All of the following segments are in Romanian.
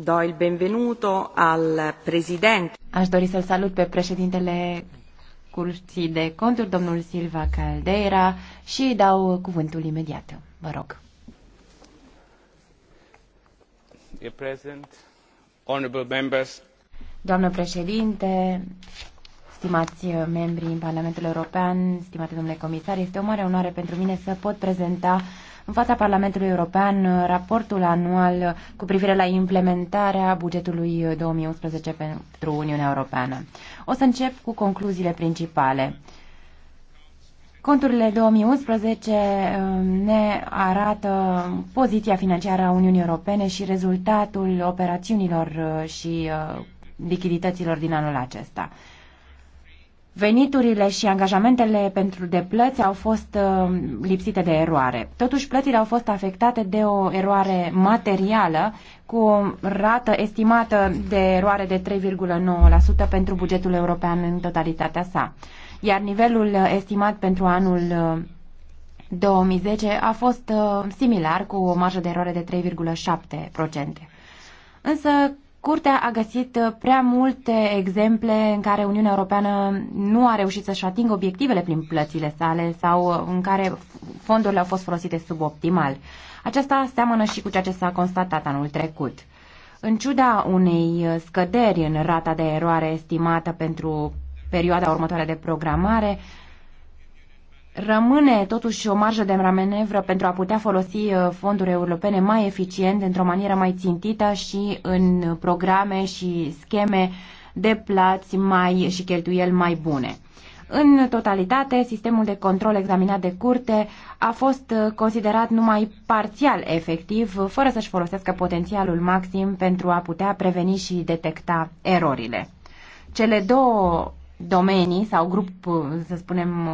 Do il benvenuto al presidente. Aș dori să-l salut pe președintele Curții de Conturi, domnul Silva Caldeira, și îi dau cuvântul imediat. Vă rog. Doamnă președinte, stimați membrii în Parlamentul European, stimate domnule comisar, este o mare onoare pentru mine să pot prezenta în fața Parlamentului European raportul anual cu privire la implementarea bugetului 2011 pentru Uniunea Europeană. O să încep cu concluziile principale. Conturile 2011 um, ne arată poziția financiară a Uniunii Europene și rezultatul operațiunilor uh, și uh, lichidităților din anul acesta veniturile și angajamentele pentru deplăți au fost uh, lipsite de eroare. Totuși, plățile au fost afectate de o eroare materială cu o rată estimată de eroare de 3,9% pentru bugetul european în totalitatea sa. Iar nivelul estimat pentru anul 2010 uh, a fost uh, similar cu o marjă de eroare de 3,7%. Însă Curtea a găsit uh, prea multe exemple în care Uniunea Europeană nu a reușit să-și atingă obiectivele prin plățile sale sau uh, în care fondurile au fost folosite suboptimal. Aceasta seamănă și cu ceea ce s-a constatat anul trecut. În ciuda unei uh, scăderi în rata de eroare estimată pentru perioada următoare de programare, Rămâne totuși o marjă de manevră pentru a putea folosi uh, fonduri europene mai eficient, într-o manieră mai țintită și în programe și scheme de plați mai și cheltuieli mai bune. În totalitate, sistemul de control examinat de curte a fost uh, considerat numai parțial efectiv, uh, fără să-și folosească potențialul maxim pentru a putea preveni și detecta erorile. Cele două domenii sau grup, să spunem,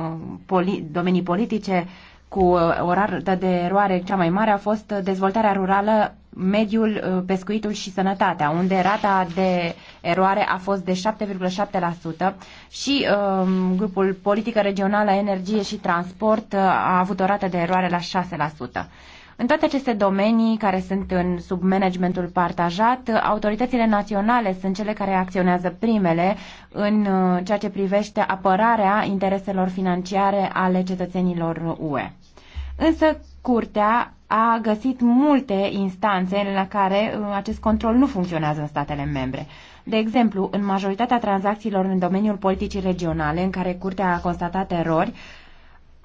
poli, domenii politice cu uh, o rată de eroare cea mai mare a fost dezvoltarea rurală, mediul, uh, pescuitul și sănătatea, unde rata de eroare a fost de 7,7% și um, grupul politică regională, energie și transport uh, a avut o rată de eroare la 6%. În toate aceste domenii care sunt în sub managementul partajat, autoritățile naționale sunt cele care acționează primele în uh, ceea ce privește apărarea intereselor financiare ale cetățenilor UE. Însă, Curtea a găsit multe instanțe în care uh, acest control nu funcționează în statele membre. De exemplu, în majoritatea tranzacțiilor în domeniul politicii regionale, în care Curtea a constatat erori,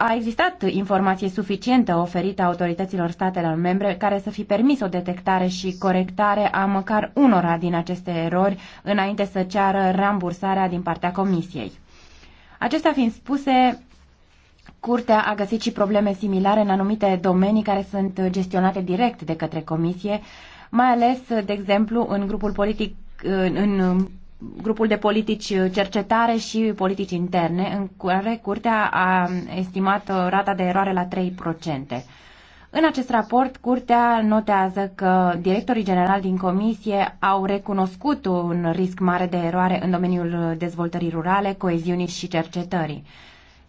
a existat informație suficientă oferită autorităților statelor membre care să fi permis o detectare și corectare a măcar unora din aceste erori înainte să ceară rambursarea din partea Comisiei. Acestea fiind spuse, Curtea a găsit și probleme similare în anumite domenii care sunt gestionate direct de către Comisie, mai ales, de exemplu, în grupul politic, în grupul de politici cercetare și politici interne, în care Curtea a estimat uh, rata de eroare la 3%. În acest raport, Curtea notează că directorii generali din comisie au recunoscut un risc mare de eroare în domeniul dezvoltării rurale, coeziunii și cercetării.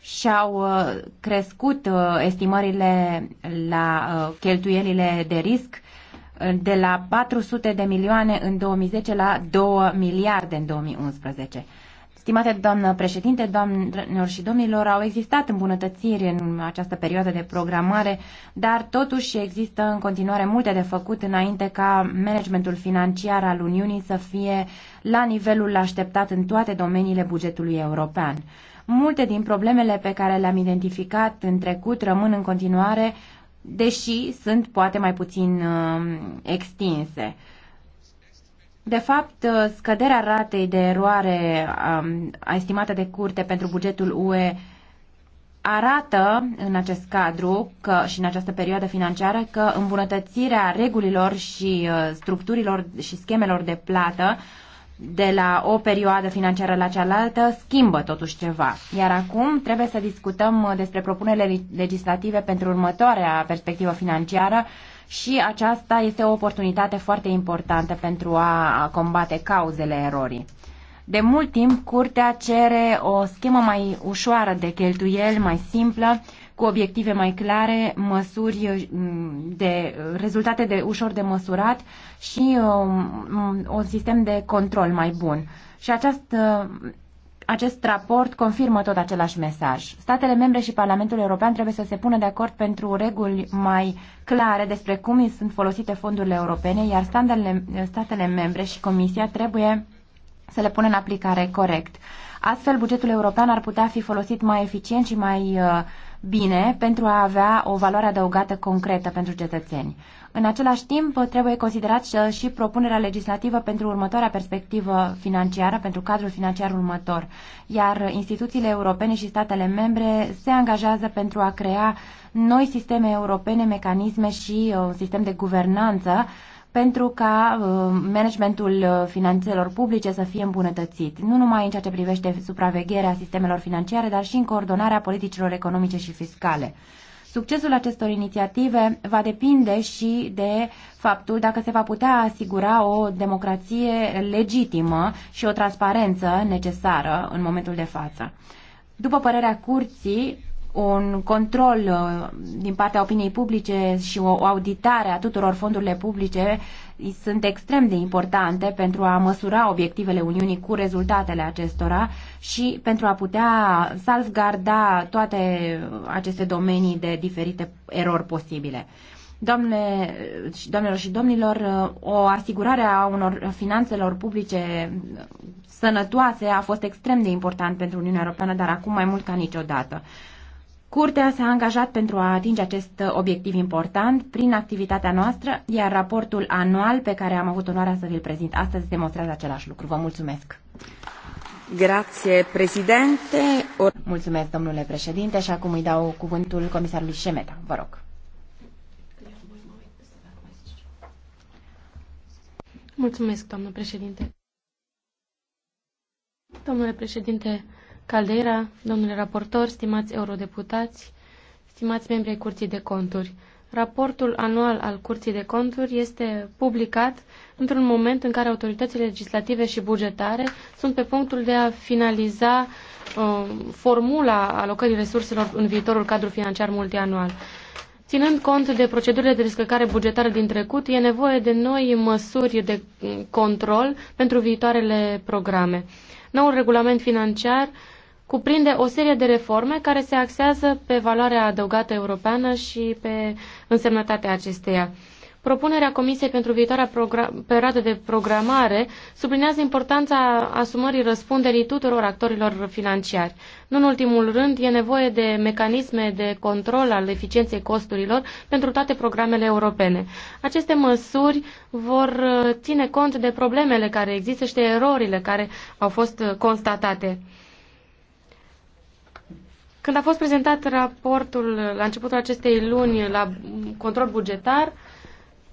Și-au uh, crescut uh, estimările la cheltuielile de risc de la 400 de milioane în 2010 la 2 miliarde în 2011. Stimate doamnă președinte, doamnelor și domnilor, au existat îmbunătățiri în această perioadă de programare, dar totuși există în continuare multe de făcut înainte ca managementul financiar al Uniunii să fie la nivelul așteptat în toate domeniile bugetului european. Multe din problemele pe care le-am identificat în trecut rămân în continuare deși sunt poate mai puțin um, extinse. De fapt, uh, scăderea ratei de eroare um, estimată de curte pentru bugetul UE arată în acest cadru că, și în această perioadă financiară că îmbunătățirea regulilor și uh, structurilor și schemelor de plată de la o perioadă financiară la cealaltă schimbă totuși ceva. Iar acum trebuie să discutăm uh, despre propunerile legislative pentru următoarea perspectivă financiară și aceasta este o oportunitate foarte importantă pentru a combate cauzele erorii. De mult timp, curtea cere o schemă mai ușoară de cheltuieli, mai simplă, cu obiective mai clare, măsuri uh, de rezultate de ușor de măsurat și uh, un sistem de control mai bun. Și acest, uh, acest raport confirmă tot același mesaj. Statele membre și Parlamentul European trebuie să se pună de acord pentru reguli mai clare despre cum sunt folosite fondurile europene, iar standardele, statele membre și Comisia trebuie să le pună în aplicare corect. Astfel, bugetul european ar putea fi folosit mai eficient și mai uh, bine pentru a avea o valoare adăugată concretă pentru cetățeni. În același timp, trebuie considerat și propunerea legislativă pentru următoarea perspectivă financiară, pentru cadrul financiar următor, iar instituțiile europene și statele membre se angajează pentru a crea noi sisteme europene, mecanisme și un uh, sistem de guvernanță pentru ca uh, managementul uh, finanțelor publice să fie îmbunătățit, nu numai în ceea ce privește supravegherea sistemelor financiare, dar și în coordonarea politicilor economice și fiscale. Succesul acestor inițiative va depinde și de faptul dacă se va putea asigura o democrație legitimă și o transparență necesară în momentul de față. După părerea curții, un control uh, din partea opiniei publice și o auditare a tuturor fondurile publice sunt extrem de importante pentru a măsura obiectivele Uniunii cu rezultatele acestora și pentru a putea salvgarda toate aceste domenii de diferite erori posibile. Doamne, doamnelor și domnilor, uh, o asigurare a unor finanțelor publice uh, sănătoase a fost extrem de important pentru Uniunea Europeană, dar acum mai mult ca niciodată. Curtea s-a angajat pentru a atinge acest obiectiv important prin activitatea noastră, iar raportul anual pe care am avut onoarea să vi-l prezint astăzi demonstrează același lucru. Vă mulțumesc! Grazie, președinte. Mulțumesc, domnule președinte, și acum îi dau cuvântul comisarului Șemeta. Vă rog. Mulțumesc, doamnă președinte. Domnule președinte, Caldera, domnule raportor, stimați eurodeputați, stimați membri ai Curții de Conturi. Raportul anual al Curții de Conturi este publicat într-un moment în care autoritățile legislative și bugetare sunt pe punctul de a finaliza uh, formula alocării resurselor în viitorul cadru financiar multianual. Ținând cont de procedurile de descărcare bugetară din trecut, e nevoie de noi măsuri de control pentru viitoarele programe. Noul regulament financiar uh, cuprinde o serie de reforme care se axează pe valoarea adăugată europeană și pe însemnătatea acesteia. Propunerea Comisiei pentru viitoarea perioadă de programare sublinează importanța asumării răspunderii tuturor actorilor financiari. Nu în ultimul rând, e nevoie de mecanisme de control al eficienței costurilor pentru toate programele europene. Aceste măsuri vor uh, ține cont de problemele care există și de erorile care au fost uh, constatate. Când a fost prezentat raportul la începutul acestei luni la control bugetar,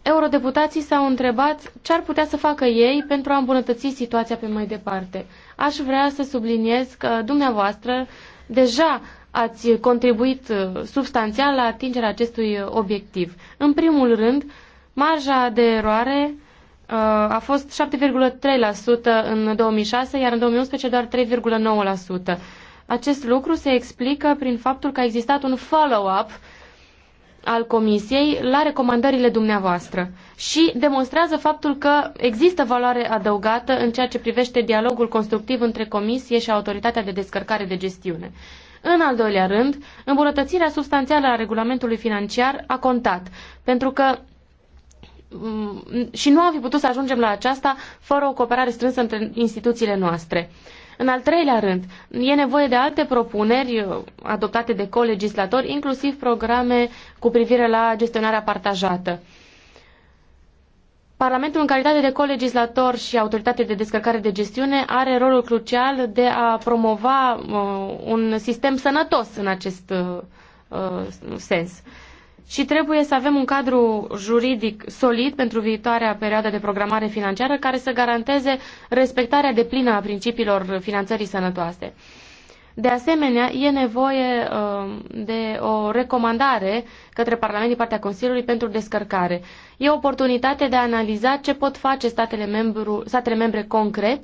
eurodeputații s-au întrebat ce ar putea să facă ei pentru a îmbunătăți situația pe mai departe. Aș vrea să subliniez că dumneavoastră deja ați contribuit uh, substanțial la atingerea acestui obiectiv. În primul rând, marja de eroare uh, a fost 7,3% în 2006, iar în 2011 doar 3,9%. Acest lucru se explică prin faptul că a existat un follow-up al Comisiei la recomandările dumneavoastră și demonstrează faptul că există valoare adăugată în ceea ce privește dialogul constructiv între Comisie și Autoritatea de Descărcare de Gestiune. În al doilea rând, îmbunătățirea substanțială a regulamentului financiar a contat, pentru că mm, și nu am fi putut să ajungem la aceasta fără o cooperare strânsă între instituțiile noastre. În al treilea rând, e nevoie de alte propuneri uh, adoptate de colegislatori, inclusiv programe cu privire la gestionarea partajată. Parlamentul, în calitate de colegislator și autoritate de descărcare de gestiune, are rolul crucial de a promova uh, un sistem sănătos în acest uh, uh sens. Uh, și trebuie să avem un cadru juridic solid pentru viitoarea perioadă de programare financiară care să garanteze respectarea deplină a principiilor finanțării sănătoase. De asemenea, e nevoie uh, de o recomandare către Parlament din partea Consiliului pentru descărcare. E o oportunitate de a analiza ce pot face statele, membru, statele membre concret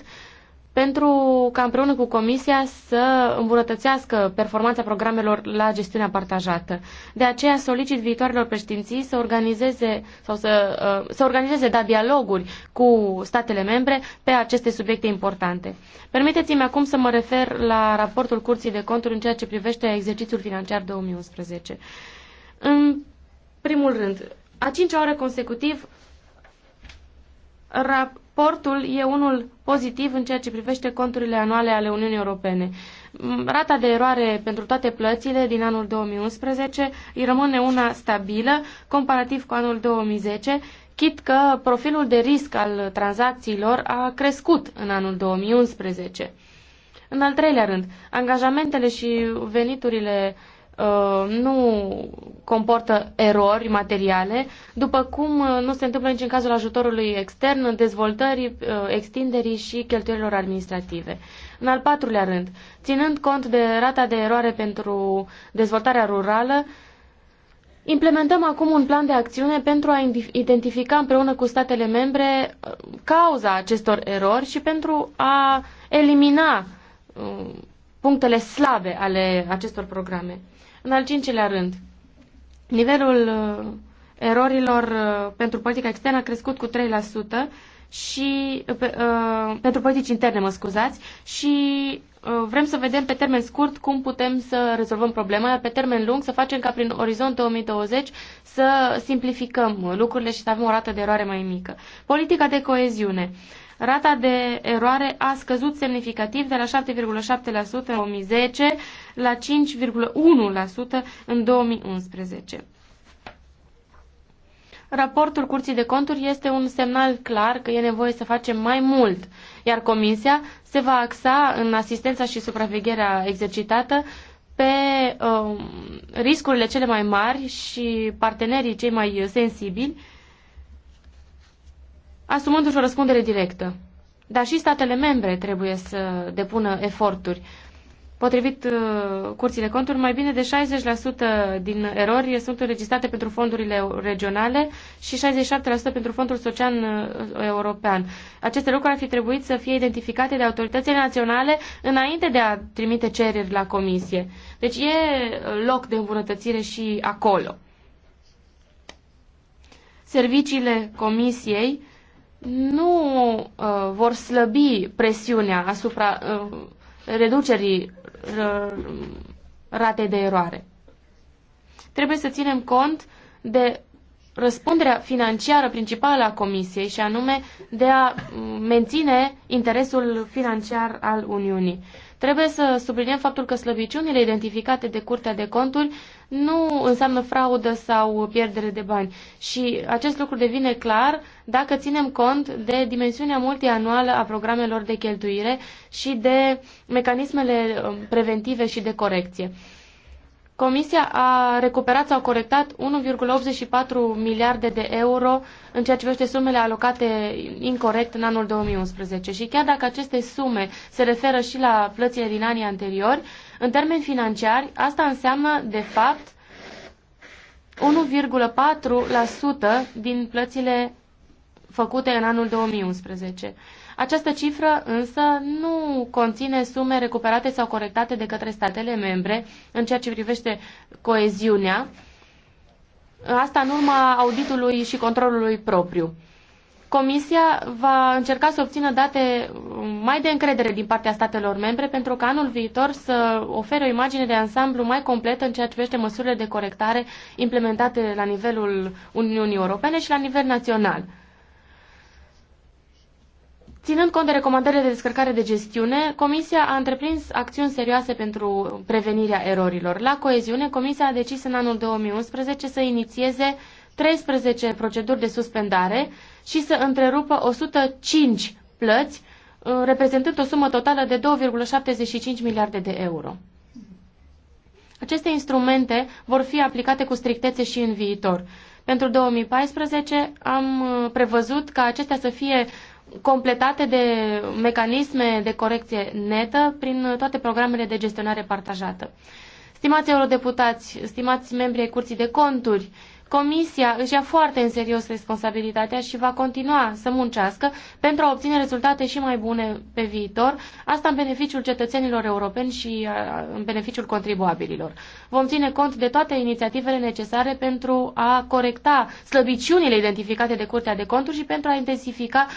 pentru ca împreună cu Comisia să îmbunătățească performanța programelor la gestiunea partajată. De aceea solicit viitoarelor președinții să organizeze, sau să, uh, să organizeze da, dialoguri cu statele membre pe aceste subiecte importante. Permiteți-mi acum să mă refer la raportul Curții de Conturi în ceea ce privește exercițiul financiar 2011. În primul rând, a cincea oră consecutiv, rap, Portul e unul pozitiv în ceea ce privește conturile anuale ale Uniunii Europene. Mm, Rata de eroare pentru toate plățile din anul 2011 îi rămâne una stabilă comparativ cu anul 2010, chit că profilul de risc al tranzacțiilor a crescut în anul 2011. În al treilea rând, angajamentele și veniturile Uh, nu comportă erori materiale, după cum uh, nu se întâmplă nici în cazul ajutorului extern, dezvoltării, uh, extinderii și cheltuielilor administrative. În al patrulea rând, ținând cont de rata de eroare pentru dezvoltarea rurală, Implementăm acum un plan de acțiune pentru a identifica împreună cu statele membre cauza acestor erori și pentru a elimina punctele slabe ale acestor programe. În al cincilea rând, nivelul uh, erorilor uh, pentru politica externă a crescut cu 3% și uh, pe, uh, pentru politici interne, mă scuzați, și uh, vrem să vedem pe termen scurt cum putem să rezolvăm problema, pe termen lung să facem ca prin orizont 2020 să simplificăm lucrurile și să avem o rată de eroare mai mică. Politica de coeziune. Uh, Rata de eroare a scăzut semnificativ de la 7,7% în 2010 la 5,1% în 2011. Raportul Curții de Conturi este un semnal clar că e nevoie să facem mai mult, iar Comisia se va axa în asistența și supravegherea exercitată pe uh, riscurile cele mai mari și partenerii cei mai sensibili asumându-și o răspundere directă. Dar și statele membre trebuie să depună eforturi. Potrivit uh, curții de conturi, mai bine de 60% din erori sunt înregistrate pentru fondurile regionale și 67% pentru fondul social uh, european. Aceste lucruri ar fi trebuit să fie identificate de autoritățile naționale înainte de a trimite cereri la comisie. Deci e uh, loc de îmbunătățire și acolo. Serviciile comisiei nu uh, vor slăbi presiunea asupra uh, reducerii uh, ratei de eroare. Trebuie să ținem cont de răspunderea financiară principală a Comisiei și anume de a mm, menține interesul financiar al Uniunii. Trebuie să subliniem faptul că slăbiciunile identificate de Curtea de Conturi nu înseamnă fraudă sau pierdere de bani și acest lucru devine clar dacă ținem cont de dimensiunea multianuală a programelor de cheltuire și de mecanismele um, preventive și de corecție. Comisia a recuperat sau corectat 1,84 miliarde de euro în ceea ce privește sumele alocate incorrect în anul 2011. Și chiar dacă aceste sume se referă și la plățile din anii anteriori, în termeni financiari, asta înseamnă, de fapt, 1,4% din plățile făcute în anul 2011. Această cifră însă nu conține sume recuperate sau corectate de către statele membre în ceea ce privește coeziunea, asta în urma auditului și controlului propriu. Comisia va încerca să obțină date mai de încredere din partea statelor membre pentru că anul viitor să ofere o imagine de ansamblu mai completă în ceea ce privește măsurile de corectare implementate la nivelul Uniunii Europene și la nivel național. Ținând cont de recomandările de descărcare de gestiune, Comisia a întreprins acțiuni serioase pentru prevenirea erorilor. La coeziune, Comisia a decis în anul 2011 să inițieze 13 proceduri de suspendare și să întrerupă 105 plăți, uh, reprezentând o sumă totală de 2,75 miliarde de euro. Aceste instrumente vor fi aplicate cu strictețe și în viitor. Pentru 2014 am uh, prevăzut ca acestea să fie completate de mecanisme de corecție netă prin toate programele de gestionare partajată. Stimați eurodeputați, stimați membri ai Curții de Conturi, Comisia își ia foarte în serios responsabilitatea și va continua să muncească pentru a obține rezultate și mai bune pe viitor, asta în beneficiul cetățenilor europeni și uh, în beneficiul contribuabililor. Vom ține cont de toate inițiativele necesare pentru a corecta slăbiciunile identificate de Curtea de Conturi și pentru a intensifica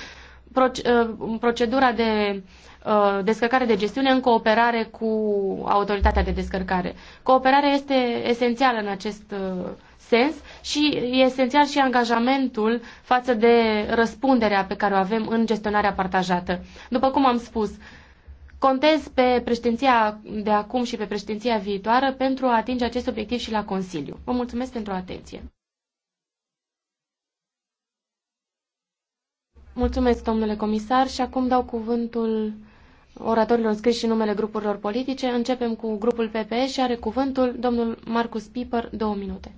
Uh, procedura de uh, descărcare de gestiune în cooperare cu autoritatea de descărcare. Cooperarea este esențială în acest uh, sens și e esențial și angajamentul față de răspunderea pe care o avem în gestionarea partajată. După cum am spus, contez pe președinția de acum și pe președinția viitoară pentru a atinge acest obiectiv și la Consiliu. Vă mulțumesc pentru atenție. Mulțumesc, domnule comisar, și acum dau cuvântul oratorilor scriși în numele grupurilor politice. Începem cu grupul PPE și are cuvântul domnul Marcus Piper, două minute.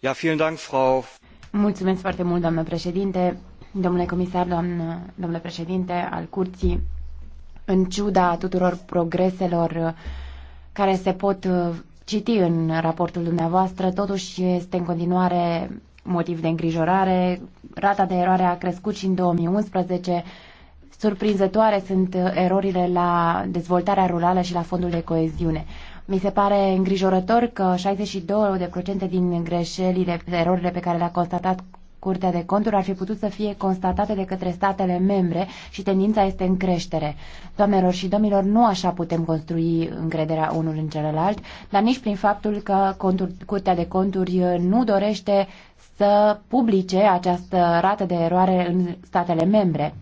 Ja, vielen Dank, Frau. Mulțumesc foarte mult, doamnă președinte, domnule comisar, doamnă, domnule președinte al curții. În ciuda tuturor progreselor uh, care se pot uh, citi în raportul dumneavoastră, totuși este în continuare motiv de îngrijorare. Rata de eroare a crescut și în 2011. Surprinzătoare sunt uh, erorile la dezvoltarea rurală și la fondul de coeziune. Mi se pare îngrijorător că 62% din greșelile, erorile pe care le-a constatat Curtea de Conturi ar fi putut să fie constatate de către statele membre și tendința este în creștere. Doamnelor și domnilor, nu așa putem construi încrederea unul în celălalt, dar nici prin faptul că contur, Curtea de Conturi uh, nu dorește să publice această rată de eroare în statele membre.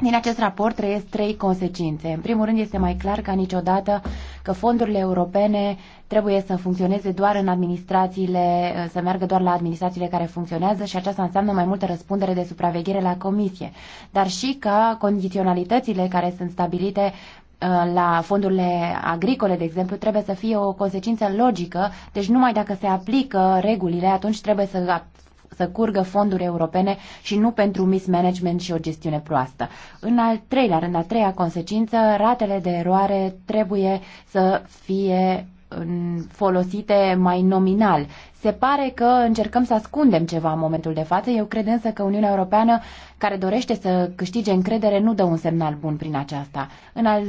Din acest raport trăiesc trei consecințe. În primul rând, este mai clar ca niciodată că fondurile europene trebuie să funcționeze doar în administrațiile, să meargă doar la administrațiile care funcționează și aceasta înseamnă mai multă răspundere de supraveghere la comisie, dar și ca condiționalitățile care sunt stabilite Uh, la fondurile agricole, de exemplu, trebuie să fie o consecință logică, deci numai dacă se aplică regulile, atunci trebuie să să curgă fonduri europene și nu pentru mismanagement și o gestiune proastă. În al treilea rând, a treia consecință, ratele de eroare trebuie să fie folosite mai nominal se pare că încercăm să ascundem ceva în momentul de față. Eu cred însă că Uniunea Europeană, care dorește să câștige încredere, nu dă un semnal bun prin aceasta. În al,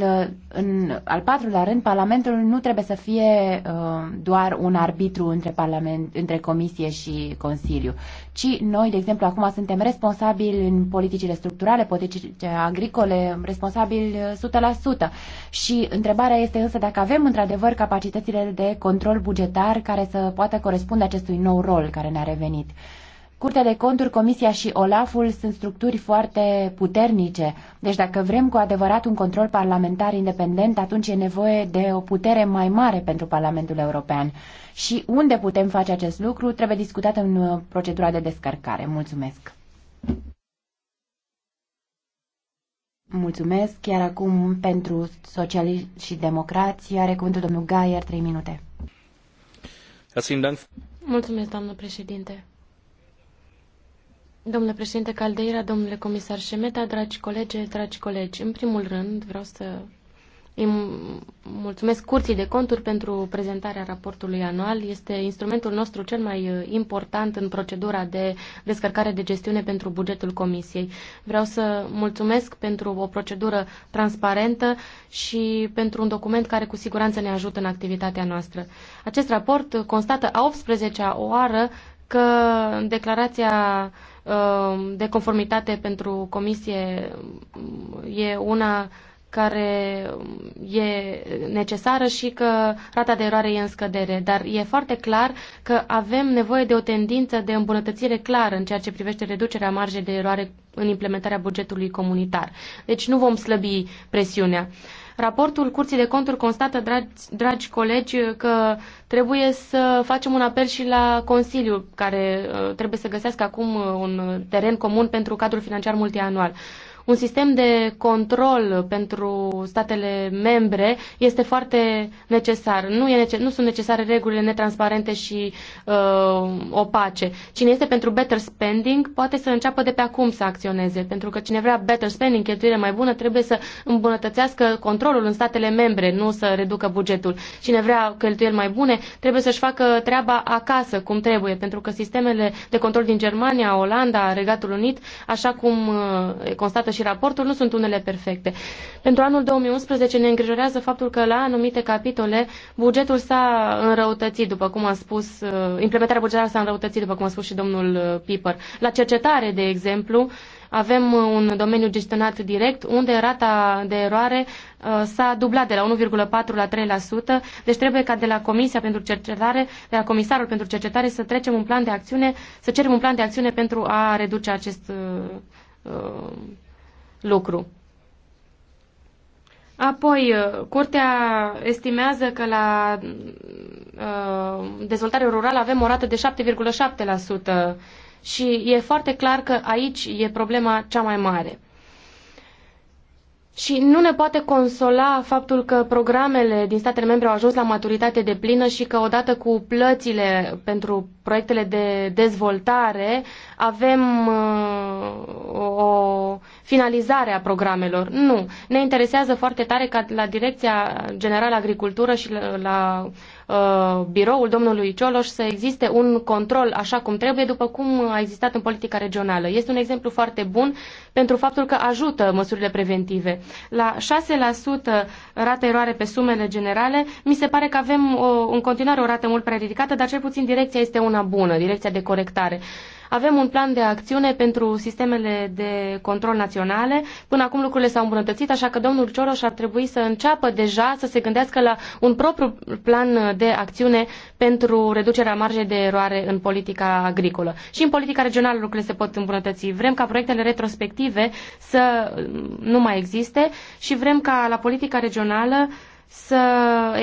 în al patrulea rând, Parlamentul nu trebuie să fie uh, doar un arbitru între, parlament, între Comisie și Consiliu, ci noi, de exemplu, acum suntem responsabili în politicile structurale, politicile agricole, responsabili 100%. Uh, și întrebarea este însă dacă avem într-adevăr capacitățile de control bugetar care să poată corespunde răspunde acestui nou rol care ne-a revenit. Curtea de Conturi, Comisia și Olaful sunt structuri foarte puternice, deci dacă vrem cu adevărat un control parlamentar independent, atunci e nevoie de o putere mai mare pentru Parlamentul European. Și unde putem face acest lucru trebuie discutat în uh, procedura de descărcare. Mulțumesc! Mulțumesc, chiar acum pentru socialiști și democrații are cuvântul domnul Gaier, 3 minute. Mulțumesc. Mulțumesc, doamnă președinte. Domnule președinte Caldeira, domnule comisar Șemeta, dragi colegi, dragi colegi, în primul rând vreau să îi mulțumesc Curții de Conturi pentru prezentarea raportului anual. Este instrumentul nostru cel mai uh, important în procedura de descărcare de gestiune pentru bugetul Comisiei. Vreau să mulțumesc pentru o procedură transparentă și pentru un document care cu siguranță ne ajută în activitatea noastră. Acest raport constată a 18-a oară că declarația uh, de conformitate pentru Comisie um, e una care um, e necesară și că rata de eroare e în scădere, dar e foarte clar că avem nevoie de o tendință de îmbunătățire clară în ceea ce privește reducerea marjei de eroare în implementarea bugetului comunitar. Deci nu vom slăbi presiunea. Raportul Curții de Conturi constată, dragi, dragi colegi, că trebuie să facem un apel și la Consiliu, care uh, trebuie să găsească acum uh, un teren comun pentru cadrul financiar multianual. Un sistem de control pentru statele membre este foarte necesar. Nu, e nece- nu sunt necesare regulile netransparente și uh, opace. Cine este pentru better spending poate să înceapă de pe acum să acționeze, pentru că cine vrea better spending, cheltuire mai bună, trebuie să îmbunătățească controlul în statele membre, nu să reducă bugetul. Cine vrea cheltuieli mai bune, trebuie să-și facă treaba acasă, cum trebuie, pentru că sistemele de control din Germania, Olanda, Regatul Unit, așa cum uh, constată și și raportul nu sunt unele perfecte. Pentru anul 2011 ne îngrijorează faptul că la anumite capitole bugetul s-a înrăutățit, după cum a spus, uh, implementarea bugetară s-a înrăutățit, după cum a spus și domnul uh, Piper. La cercetare, de exemplu, avem uh, un domeniu gestionat direct unde rata de eroare s-a dublat de la 1,4 la 3%, deci trebuie ca de la Comisia pentru Cercetare, de la Comisarul pentru Cercetare să trecem un plan de acțiune, să cerem un plan de acțiune pentru a reduce acest uh, lucru. Apoi, uh, curtea estimează că la uh, dezvoltare rurală avem o rată de 7,7% și e foarte clar că aici e problema cea mai mare. Și nu ne poate consola faptul că programele din statele membre au ajuns la maturitate de plină și că odată cu plățile pentru proiectele de dezvoltare avem uh, o finalizare a programelor. Nu. Ne interesează foarte tare ca la Direcția Generală Agricultură și la, la Uh, biroul domnului Cioloș să existe un control așa cum trebuie, după cum a existat în politica regională. Este un exemplu foarte bun pentru faptul că ajută măsurile preventive. La 6% rată eroare pe sumele generale, mi se pare că avem o, uh, în continuare o rată mult prea ridicată, dar cel puțin direcția este una bună, direcția de corectare. Uh, avem un plan de acțiune pentru sistemele de control naționale. Până acum lucrurile s-au îmbunătățit, așa că domnul Cioroș ar trebui să înceapă deja să se gândească la un propriu plan de acțiune pentru reducerea marjei de eroare în politica agricolă. Și în politica regională lucrurile se pot îmbunătăți. Vrem ca proiectele retrospective să nu mai existe și vrem ca la politica regională să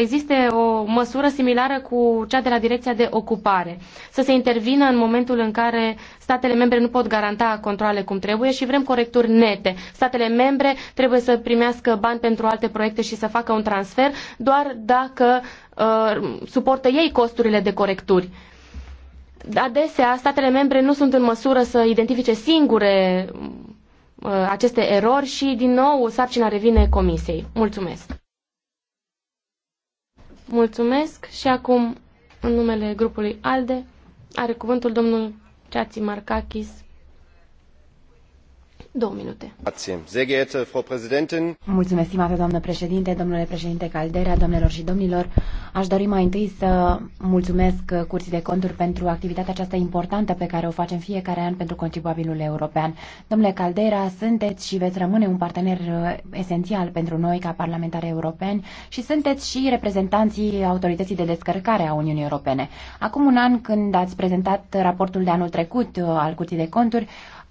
existe o măsură similară cu cea de la Direcția de Ocupare, să se intervină în momentul în care statele membre nu pot garanta controle cum trebuie și vrem corecturi nete. Statele membre trebuie să primească bani pentru alte proiecte și să facă un transfer doar dacă uh, suportă ei costurile de corecturi. Adesea, statele membre nu sunt în măsură să identifice singure uh, aceste erori și, din nou, sarcina revine Comisiei. Mulțumesc! Mulțumesc și acum, în numele grupului ALDE, are cuvântul domnul Ceații Marcachis Mulțumesc, stimată doamnă președinte, domnule președinte Caldera, domnilor și domnilor. Aș dori mai întâi să mulțumesc Curții de Conturi pentru activitatea aceasta importantă pe care o facem fiecare an pentru contribuabilul european. Domnule Caldera, sunteți și veți rămâne un partener uh, esențial pentru noi ca parlamentari europeni și sunteți și reprezentanții autorității de descărcare a Uniunii Europene. Acum un an, când ați prezentat raportul de anul trecut uh, al Curții de Conturi,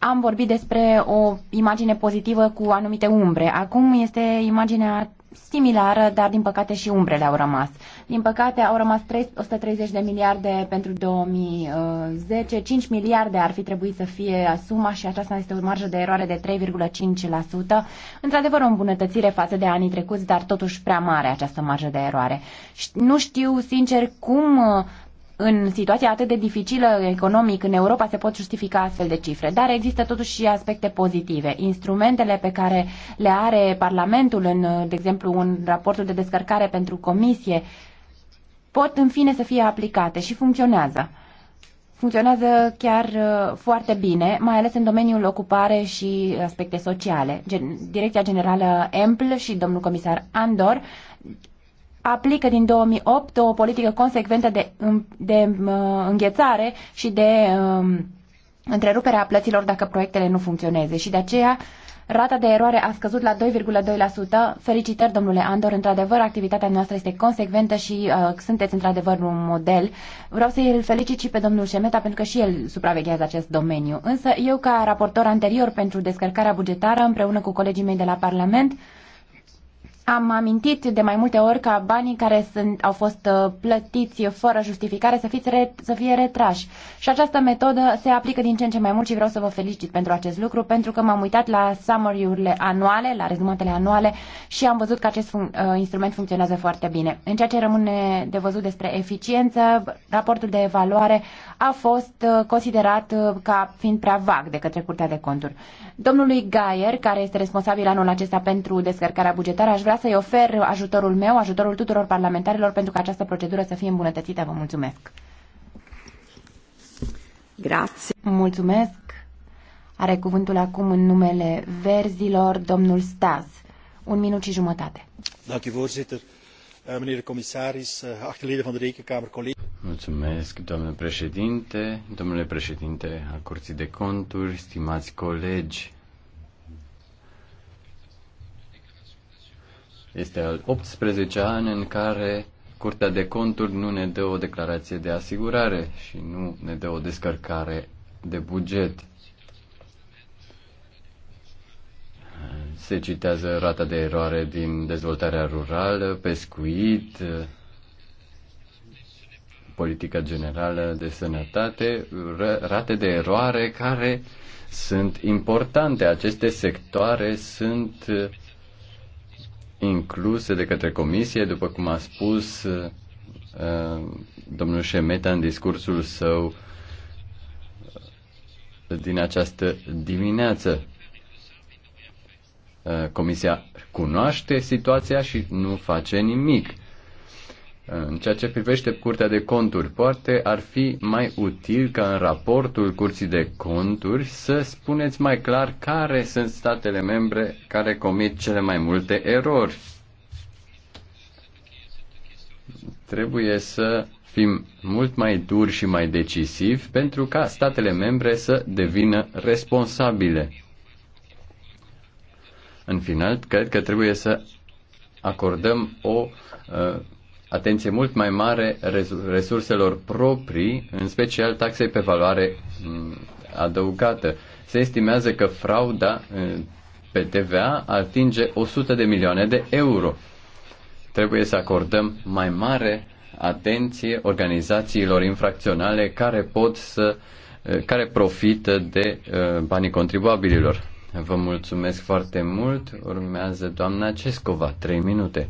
am vorbit despre o imagine pozitivă cu anumite umbre. Acum este imaginea similară, dar din păcate și umbrele au rămas. Din păcate au rămas 130 de miliarde pentru 2010, 5 miliarde ar fi trebuit să fie suma și aceasta este o marjă de eroare de 3,5%. Într-adevăr o îmbunătățire față de anii trecuți, dar totuși prea mare această marjă de eroare. Nu știu sincer cum în situația atât de dificilă economic în Europa se pot justifica astfel de cifre, dar există totuși și aspecte pozitive. Instrumentele pe care le are Parlamentul, în, de exemplu, un raportul de descărcare pentru comisie, pot în fine să fie aplicate și funcționează. Funcționează chiar uh, foarte bine, mai ales în domeniul ocupare și aspecte sociale. Direcția Generală EMPL și domnul comisar Andor aplică din 2008 o politică consecventă de, de uh, înghețare și de um, a plăților dacă proiectele nu funcționeze și de aceea Rata de eroare a scăzut la 2,2%. Felicitări, domnule Andor, într-adevăr, activitatea noastră este consecventă și uh, sunteți într-adevăr un model. Vreau să îl felicit și pe domnul Șemeta pentru că și el supraveghează acest domeniu. Însă eu, ca raportor anterior pentru descărcarea bugetară, împreună cu colegii mei de la Parlament, am amintit de mai multe ori ca banii care sunt, au fost uh, plătiți fără justificare să, fiți re, să fie retrași. Și această metodă se aplică din ce în ce mai mult și vreau să vă felicit pentru acest lucru, pentru că m-am uitat la summary-urile anuale, la rezumatele anuale și am văzut că acest func- uh, instrument funcționează foarte bine. În ceea ce rămâne de văzut despre eficiență, raportul de evaluare a fost uh, considerat ca fiind prea vag de către Curtea de Conturi. Domnului Gaier, care este responsabil anul acesta pentru descărcarea bugetară, aș vrea vrea să-i ofer ajutorul meu, ajutorul tuturor parlamentarilor pentru ca această procedură să fie îmbunătățită. Vă mulțumesc! Grazie. Mulțumesc! Are cuvântul acum în numele verzilor domnul Staz. Un minut și jumătate. Dank u, voorzitter. Eh, meneer de commissaris, eh, achte van de Rekenkamer, collega's. Mulțumesc, domnule președinte, domnule președinte al Curții de Conturi, stimați colegi, Este al 18 an în care Curtea de Conturi nu ne dă o declarație de asigurare și nu ne dă o descărcare de buget. Se citează rata de eroare din dezvoltarea rurală, pescuit, politica generală de sănătate, rate de eroare care sunt importante. Aceste sectoare sunt incluse de către comisie, după cum a spus uh, domnul Șemeta în discursul său uh, din această dimineață. Uh, comisia cunoaște situația și nu face nimic. În ceea ce privește Curtea de Conturi, poate ar fi mai util ca în raportul Curții de Conturi să spuneți mai clar care sunt statele membre care comit cele mai multe erori. Trebuie să fim mult mai duri și mai decisivi pentru ca statele membre să devină responsabile. În final, cred că trebuie să acordăm o uh, atenție mult mai mare resurselor proprii, în special taxei pe valoare mm, adăugată. Se estimează că frauda pe TVA atinge 100 de milioane de euro. Trebuie să acordăm mai mare atenție organizațiilor infracționale care pot să care profită de banii contribuabililor. Vă mulțumesc foarte mult. Urmează doamna Cescova, 3 minute.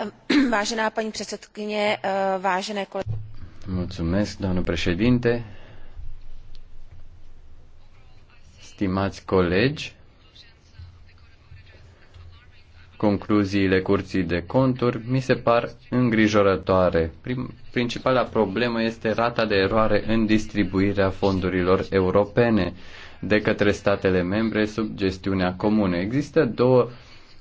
Ehm, vážená paní předsedkyně, eh, vážené kolegyně. Mulțumesc, doamnă președinte. Stimați colegi, concluziile curții de conturi mi se par îngrijorătoare. Prim, principala problemă este rata de eroare în distribuirea fondurilor europene de către statele membre sub gestiunea comună. Există două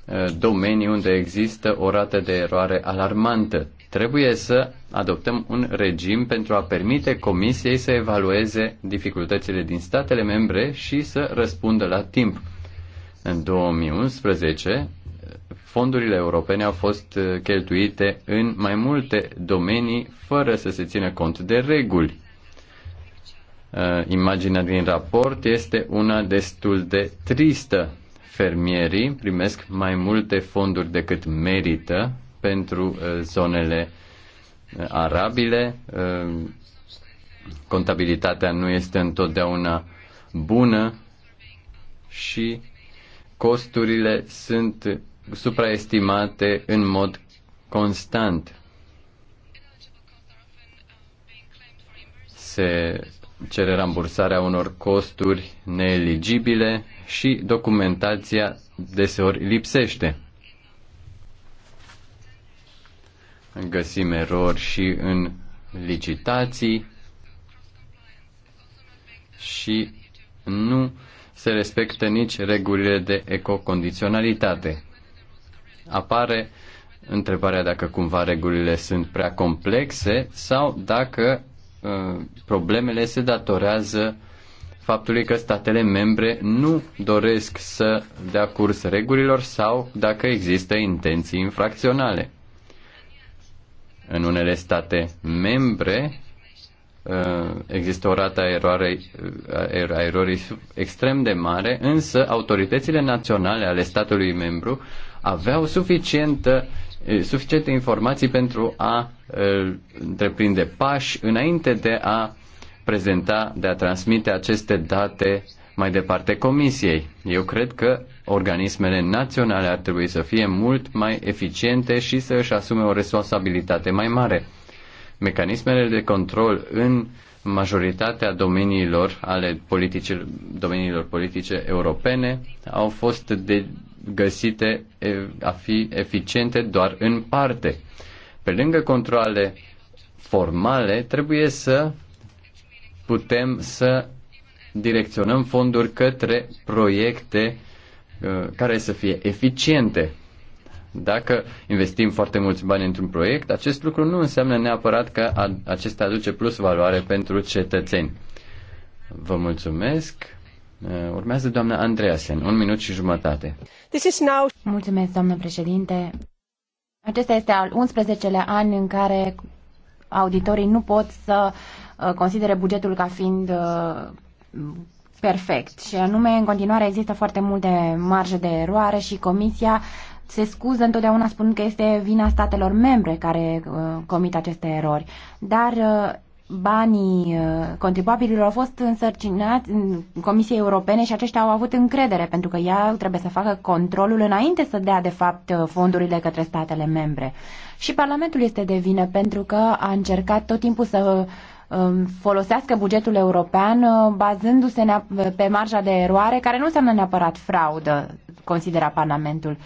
Uh, domenii unde există o rată de eroare alarmantă. Trebuie să adoptăm un regim pentru a permite Comisiei să evalueze dificultățile din statele membre și să răspundă la timp. În 2011, fondurile europene au fost uh, cheltuite în mai multe domenii fără să se țină cont de reguli. Uh, imaginea din raport este una destul de tristă fermierii primesc mai multe fonduri decât merită pentru uh, zonele uh, arabile. Uh, contabilitatea nu este întotdeauna bună și costurile sunt supraestimate în mod constant. Se cere rambursarea unor costuri neeligibile și documentația deseori lipsește. Găsim erori și în licitații și nu se respectă nici regulile de ecocondiționalitate. Apare întrebarea dacă cumva regulile sunt prea complexe sau dacă Uh, problemele se datorează faptului că statele membre nu doresc să dea curs regulilor sau dacă există intenții infracționale. În unele state membre uh, există o rată a, eroarei, uh, a erorii extrem de mare, însă autoritățile naționale ale statului membru aveau suficientă suficiente informații pentru a întreprinde pași înainte de a prezenta, de a transmite aceste date mai departe comisiei. Eu cred că organismele naționale ar trebui să fie mult mai eficiente și să își asume o responsabilitate mai mare. Mecanismele de control în majoritatea domeniilor ale politicilor, domeniilor politice europene au fost de, găsite a fi eficiente doar în parte. Pe lângă controle formale, trebuie să putem să direcționăm fonduri către proiecte care să fie eficiente. Dacă investim foarte mulți bani într-un proiect, acest lucru nu înseamnă neapărat că acesta aduce plus valoare pentru cetățeni. Vă mulțumesc. Eh, urmează doamna Andreasen, un minut și jumătate. This is now... Mulțumesc, doamnă președinte. Acesta este al 11-lea an în care auditorii nu pot să eh, considere bugetul ca fiind eh, perfect. Și anume, în continuare există foarte multe marje de eroare și comisia se scuză întotdeauna spunând că este vina statelor membre care uh, comit aceste erori. Dar uh, banii uh, contribuabililor au fost însărcinați în Comisiei Europene și aceștia au avut încredere, pentru că ea trebuie să facă controlul înainte să dea, de fapt, uh, fondurile către statele membre. Și Parlamentul este de vină pentru că a încercat tot timpul să um, folosească bugetul european uh, bazându-se pe marja de eroare, care nu înseamnă neapărat fraudă, considera Parlamentul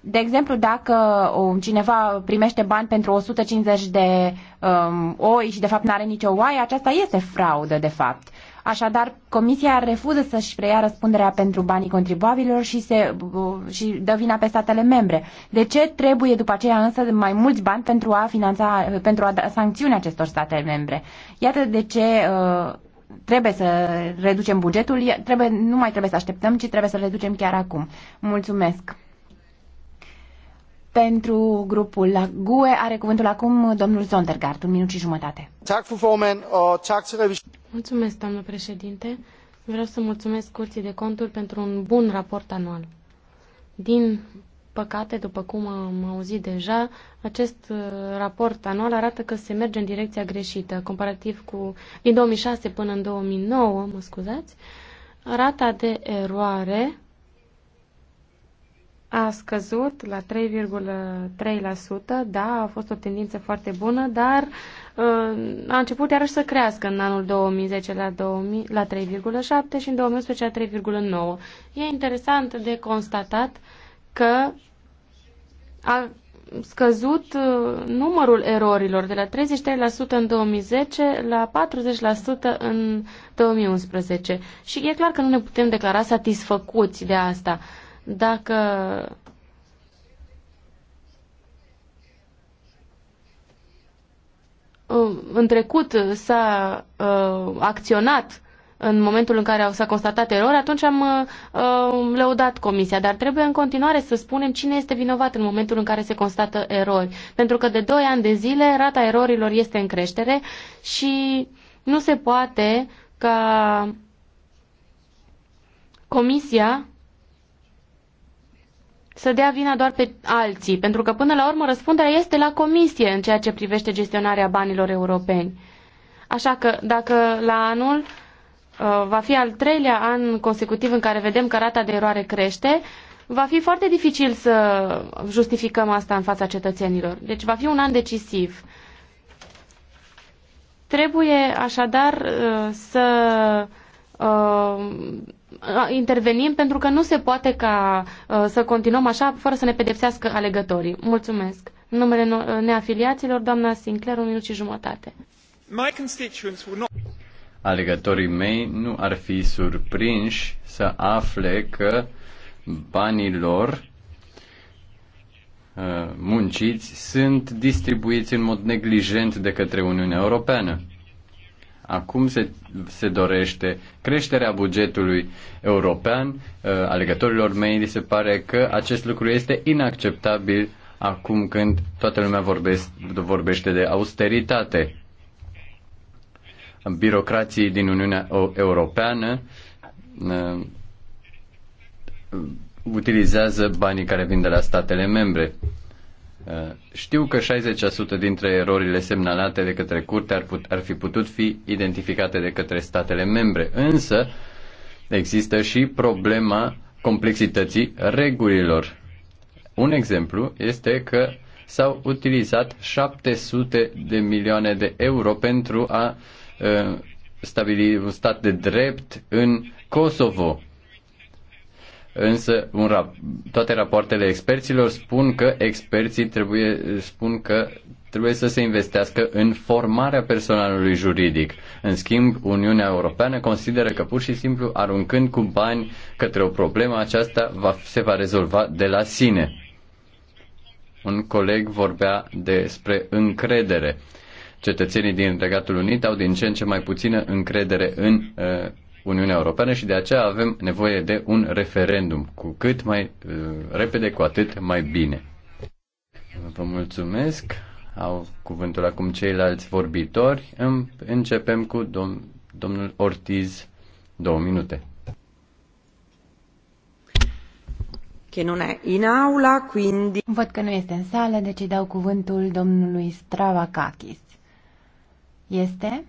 de exemplu, dacă cineva primește bani pentru 150 de um, oi și de fapt nu are nicio oaie, aceasta este fraudă de fapt. Așadar, Comisia refuză să-și preia răspunderea pentru banii contribuabililor și, se, uh, și dă vina pe statele membre. De ce trebuie după aceea însă mai mulți bani pentru a finanța, pentru a da sancțiune acestor state membre? Iată de ce uh, trebuie să reducem bugetul, trebuie, nu mai trebuie să așteptăm, ci trebuie să reducem chiar acum. Mulțumesc! Pentru grupul la GUE are cuvântul acum domnul Zondergaard, un minut și jumătate. Mulțumesc, doamnă președinte. Vreau să mulțumesc Curții de Conturi pentru un bun raport anual. Din păcate, după cum am auzit deja, acest uh, raport anual arată că se merge în direcția greșită, comparativ cu din 2006 până în 2009, mă scuzați, rata de eroare a scăzut la 3,3%, da, a fost o tendință foarte bună, dar uh, a început iarăși să crească în anul 2010 la, 2000, la 3,7 și în 2011 la 3,9. E interesant de constatat că a scăzut uh, numărul erorilor de la 33% în 2010 la 40% în 2011. Și e clar că nu ne putem declara satisfăcuți de asta. Dacă în trecut s-a uh, acționat în momentul în care s-a constatat erori, atunci am uh, um, lăudat comisia. Dar trebuie în continuare să spunem cine este vinovat în momentul în care se constată erori. Pentru că de 2 ani de zile rata erorilor este în creștere și nu se poate ca comisia să dea vina doar pe alții, pentru că până la urmă răspunderea este la comisie în ceea ce privește gestionarea banilor europeni. Așa că dacă la anul uh, va fi al treilea an consecutiv în care vedem că rata de eroare crește, va fi foarte dificil să justificăm asta în fața cetățenilor. Deci va fi un an decisiv. Trebuie așadar uh, să uh, intervenim pentru că nu se poate ca să continuăm așa fără să ne pedepsească alegătorii. Mulțumesc. În numele neafiliaților, doamna Sinclair, un minut și jumătate. Alegătorii mei nu ar fi surprinși să afle că banii lor munciți sunt distribuiți în mod neglijent de către Uniunea Europeană. Acum se, se dorește creșterea bugetului european. Uh, Alegătorilor mei li se pare că acest lucru este inacceptabil acum când toată lumea vorbesc, vorbește de austeritate. Birocrații din Uniunea Europeană uh, utilizează banii care vin de la statele membre. Eh, știu că 60% dintre erorile semnalate de către curte ar, put, ar fi putut fi identificate de către statele membre, însă există și problema complexității regulilor. Un exemplu este că s-au utilizat 700 de milioane de euro pentru a uh, stabili un stat de drept în Kosovo însă un rap, toate rapoartele experților spun că experții trebuie, spun că trebuie să se investească în formarea personalului juridic. În schimb, Uniunea Europeană consideră că pur și simplu aruncând cu bani către o problemă, aceasta va, se va rezolva de la sine. Un coleg vorbea despre încredere. Cetățenii din Regatul Unit au din ce în ce mai puțină încredere în uh, Uniunea Europeană și de aceea avem nevoie de un referendum. Cu cât mai uh, repede, cu atât mai bine. Vă mulțumesc. Au cuvântul acum ceilalți vorbitori. Începem cu dom- domnul Ortiz. Două minute. Che non è in aula, quindi... Văd că nu este în sală, deci îi dau cuvântul domnului Stravakakis. Este?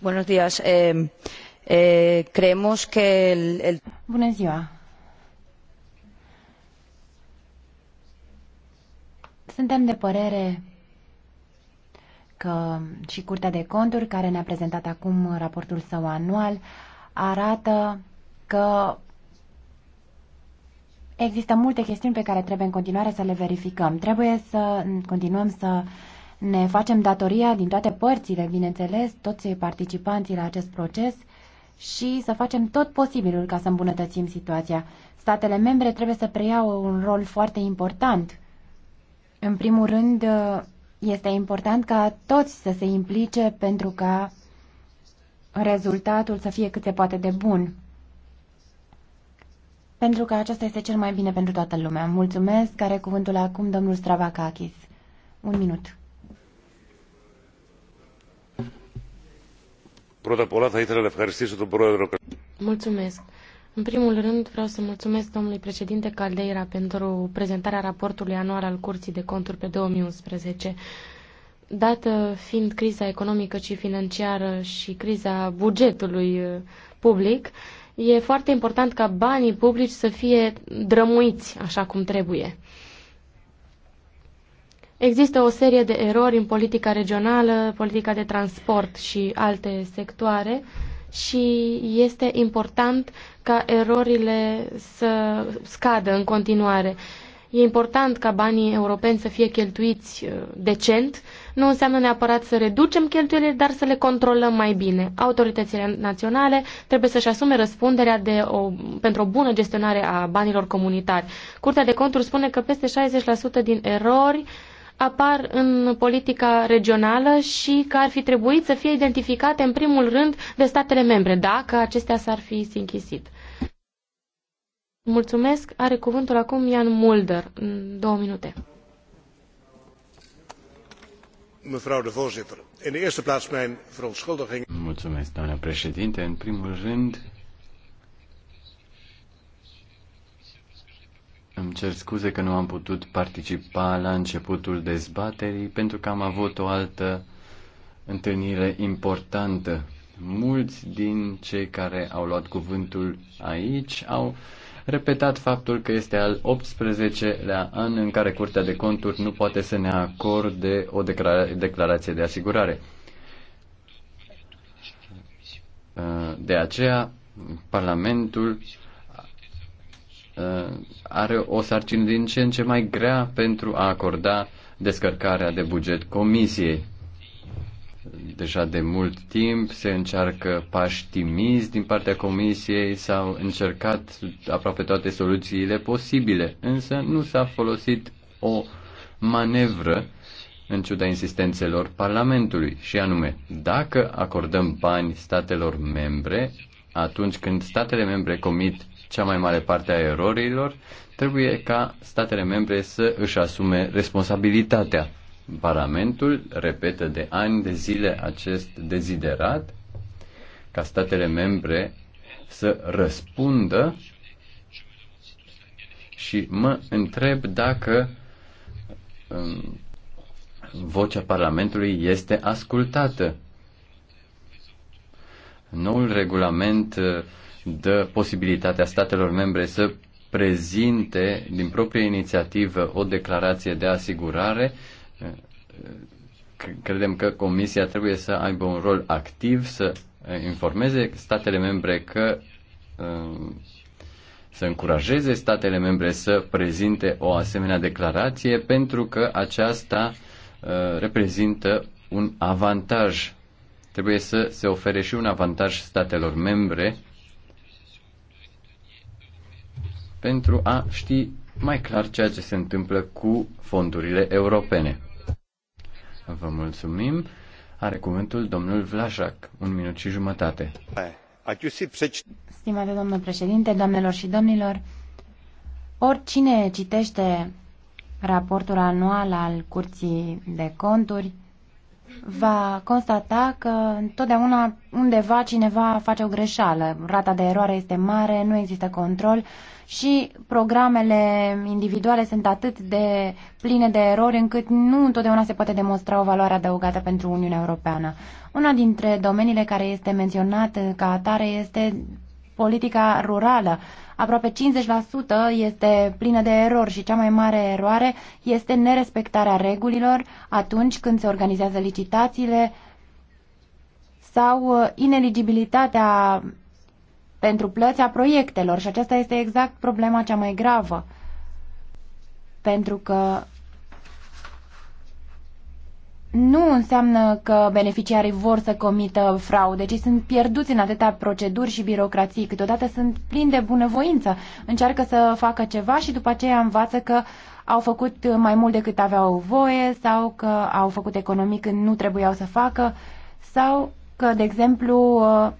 Buenos días. Eh, eh, creemos que el, el... Bună ziua. Suntem de părere că și Curtea de Conturi, care ne-a prezentat acum raportul său anual, arată că există multe chestiuni pe care trebuie în continuare să le verificăm. Trebuie să continuăm să ne facem datoria din toate părțile, bineînțeles, toți participanții la acest proces și să facem tot posibilul ca să îmbunătățim situația. Statele membre trebuie să preiau un rol foarte important. În primul rând, este important ca toți să se implice pentru ca rezultatul să fie cât se poate de bun. Pentru că acesta este cel mai bine pentru toată lumea. Mulțumesc. Care cuvântul acum domnul Stravakakis. Un minut. Πρώτα απ' όλα θα ήθελα να ευχαριστήσω τον πρόεδρο. Mulțumesc. În primul rând vreau să mulțumesc domnului președinte Caldeira pentru prezentarea raportului anual al Curții de Conturi pe 2011. Dată fiind criza economică și financiară și criza bugetului uh, public, e foarte important ca banii publici să fie drămuiți așa cum trebuie. Există o serie de erori în politica regională, politica de transport și alte sectoare și este important ca erorile să scadă în continuare. E important ca banii europeni să fie cheltuiți uh, decent. Nu înseamnă neapărat să reducem cheltuielile, dar să le controlăm mai bine. Autoritățile naționale trebuie să-și asume răspunderea de o, pentru o bună gestionare a banilor comunitari. Curtea de conturi spune că peste 60% din erori uh, apar în politica regională și că ar fi trebuit să fie identificate în primul rând de statele membre, dacă acestea s-ar fi sinchisit. Mulțumesc. Are cuvântul acum Ian Mulder. Două minute. Mulțumesc, doamna președinte. În primul rând, Îmi cer scuze că nu am putut participa la începutul dezbaterii pentru că am avut o altă întâlnire importantă. Mulți din cei care au luat cuvântul aici au repetat faptul că este al 18-lea an în care Curtea de Conturi nu poate să ne acorde o declara- declarație de asigurare. Uh, de aceea, Parlamentul Uh, are o sarcină din ce în ce mai grea pentru a acorda descărcarea de buget comisiei. Deja de mult timp se încearcă pași timizi din partea comisiei, s-au încercat aproape toate soluțiile posibile, însă nu s-a folosit o manevră în ciuda insistențelor Parlamentului, și anume, dacă acordăm bani statelor membre, atunci când statele membre comit cea mai mare parte a erorilor, trebuie ca statele membre să își asume responsabilitatea. Parlamentul repetă de ani de zile acest deziderat ca statele membre să răspundă și mă întreb dacă um, vocea Parlamentului este ascultată. Noul regulament uh, dă posibilitatea statelor membre să prezinte din proprie inițiativă o declarație de asigurare. Credem că Comisia trebuie să aibă un rol activ, să eh, informeze statele membre că eh, să încurajeze statele membre să prezinte o asemenea declarație pentru că aceasta eh, reprezintă un avantaj. Trebuie să se ofere și un avantaj statelor membre pentru a ști mai clar ceea ce se întâmplă cu fondurile europene. Vă mulțumim. Are cuvântul domnul Vlașac, un minut și jumătate. Stimate domnul președinte, doamnelor și domnilor, oricine citește raportul anual al Curții de Conturi, va constata că întotdeauna undeva cineva face o greșeală. Rata de eroare este mare, nu există control și programele individuale sunt atât de pline de erori încât nu întotdeauna se poate demonstra o valoare adăugată pentru Uniunea Europeană. Una dintre domeniile care este menționat ca atare este politica rurală aproape 50% este plină de erori și cea mai mare eroare este nerespectarea regulilor atunci când se organizează licitațiile sau uh, ineligibilitatea pentru plăți a proiectelor și aceasta este exact problema cea mai gravă. Pentru că nu înseamnă că beneficiarii vor să comită fraude, ci sunt pierduți în atâtea proceduri și birocrații. Câteodată sunt plini de bunăvoință, încearcă să facă ceva și după aceea învață că au făcut mai mult decât aveau voie sau că au făcut economii când nu trebuiau să facă sau că, de exemplu, uh,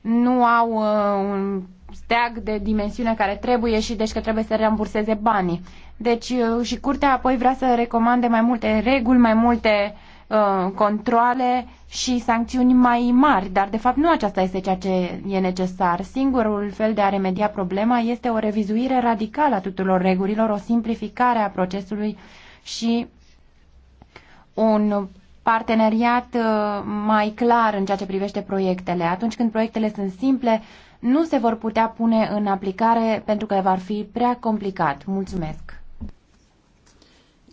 nu au uh, un steag de dimensiune care trebuie și deci că trebuie să ramburseze banii. Deci uh, și curtea apoi vrea să recomande mai multe reguli, mai multe uh, controle și sancțiuni mai mari, dar de fapt nu aceasta este ceea ce e necesar. Singurul fel de a remedia problema este o revizuire radicală a tuturor regulilor, o simplificare a procesului și un parteneriat uh, mai clar în ceea ce privește proiectele. Atunci când proiectele sunt simple, nu se vor putea pune în aplicare pentru că va fi prea complicat. Mulțumesc!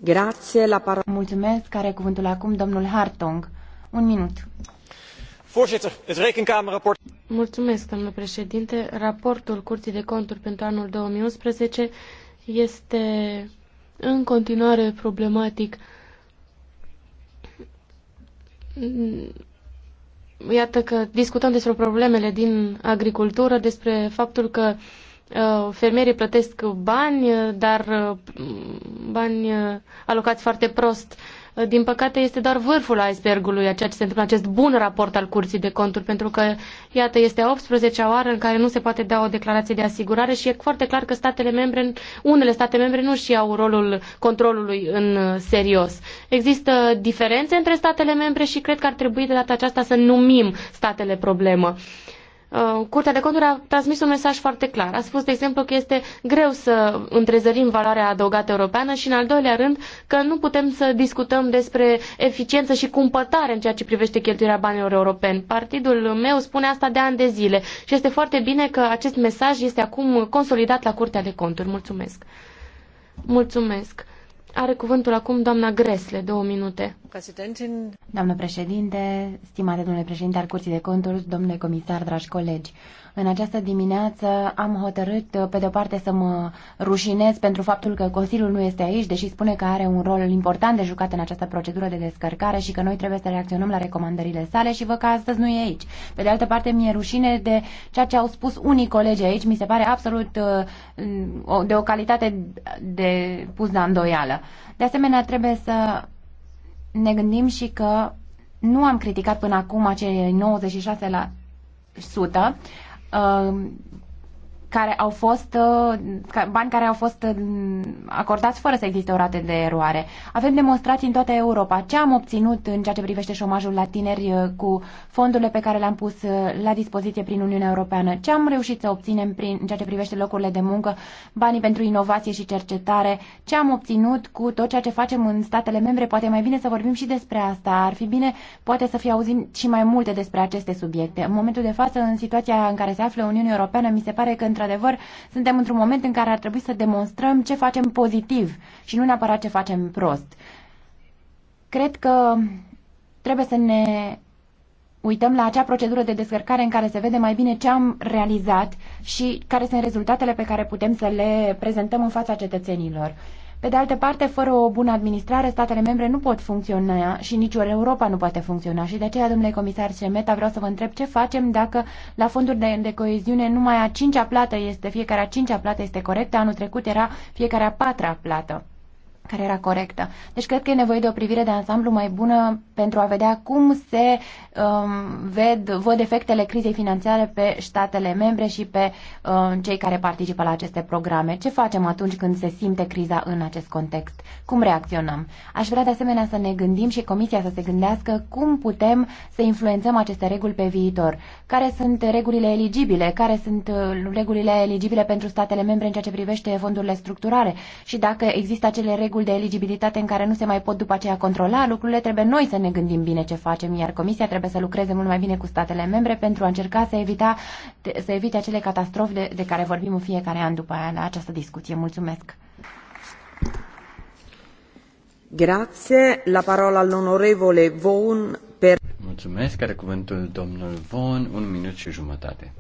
Grație la par- Mulțumesc, care cuvântul acum domnul Hartong. Un minut. Mulțumesc, domnule președinte. Raportul Curții de Conturi pentru anul 2011 este în continuare problematic iată că discutăm despre problemele din agricultură, despre faptul că uh, fermierii plătesc bani, uh, dar uh, bani alocați foarte prost din păcate, este doar vârful icebergului a ceea ce se întâmplă acest bun raport al Curții de Conturi, pentru că, iată, este a 18-a oară în care nu se poate da o declarație de asigurare și e foarte clar că statele membre, unele state membre nu și au rolul controlului în serios. Există diferențe între statele membre și cred că ar trebui de data aceasta să numim statele problemă. Uh, Uh, Curtea de Conturi a transmis un mesaj foarte clar. A spus, de exemplu, că este greu să întrezărim valoarea adăugată europeană și, în al doilea rând, că nu putem să discutăm despre eficiență și cumpătare în ceea ce privește cheltuirea banilor europeni. Partidul meu spune asta de ani de zile și este foarte bine că acest mesaj este acum consolidat la Curtea de Conturi. Mulțumesc! Mulțumesc! Are cuvântul acum doamna Gresle, două minute. Doamnă președinte, stimate domnule președinte al Curții de Conturi, domnule comisar, dragi colegi, în această dimineață am hotărât, pe de-o parte, să mă rușinez pentru faptul că Consiliul nu este aici, deși spune că are un rol important de jucat în această procedură de descărcare și că noi trebuie să reacționăm la recomandările sale și văd că astăzi nu e aici. Pe de altă parte, mi-e rușine de ceea ce au spus unii colegi aici, mi se pare absolut uh, de o calitate de pus la îndoială. De asemenea, trebuie să ne gândim și că nu am criticat până acum acei 96%, la uh, care au fost uh, bani care au fost uh, acordați fără să existe o rată de eroare. Avem demonstrații în toată Europa. Ce am obținut în ceea ce privește șomajul la tineri uh, cu fondurile pe care le-am pus la dispoziție prin Uniunea Europeană? Ce am reușit să obținem prin, în ceea ce privește locurile de muncă, banii pentru inovație și cercetare? Ce am obținut cu tot ceea ce facem în statele membre? Poate mai bine să vorbim și despre asta. Ar fi bine, poate să fie auzim și mai multe despre aceste subiecte. În momentul de față, în situația în care se află Uniunea Europeană, mi se pare că într într-adevăr, suntem într-un moment în care ar trebui să demonstrăm ce facem pozitiv și nu neapărat ce facem prost. Cred că trebuie să ne uităm la acea procedură de descărcare în care se vede mai bine ce am realizat și care sunt rezultatele pe care putem să le prezentăm în fața cetățenilor. Pe de altă parte, fără o bună administrare, statele membre nu pot funcționa și nici Europa nu poate funcționa. Și de aceea, domnule comisar Șemeta, vreau să vă întreb ce facem dacă la fonduri de, de coeziune numai a cincea plată este, fiecare a cincea plată este corectă, anul trecut era fiecare a patra plată care era corectă. Deci cred că e nevoie de o privire de ansamblu mai bună pentru a vedea cum se um, ved, văd efectele crizei financiare pe statele membre și pe um, cei care participă la aceste programe. Ce facem atunci când se simte criza în acest context? Cum reacționăm? Aș vrea de asemenea să ne gândim și Comisia să se gândească cum putem să influențăm aceste reguli pe viitor. Care sunt regulile eligibile? Care sunt uh, regulile eligibile pentru statele membre în ceea ce privește fondurile structurale? Și dacă există acele reguli reguli de eligibilitate în care nu se mai pot după aceea controla lucrurile, trebuie noi să ne gândim bine ce facem, iar Comisia trebuie să lucreze mult mai bine cu statele membre pentru a încerca să, evita, să evite acele catastrofe de, de care vorbim în fiecare an după aia la această discuție. Mulțumesc! Grazie, la parola all'onorevole Vaughan per... Mulțumesc, are cuvântul domnul Vaughan, un minut și jumătate.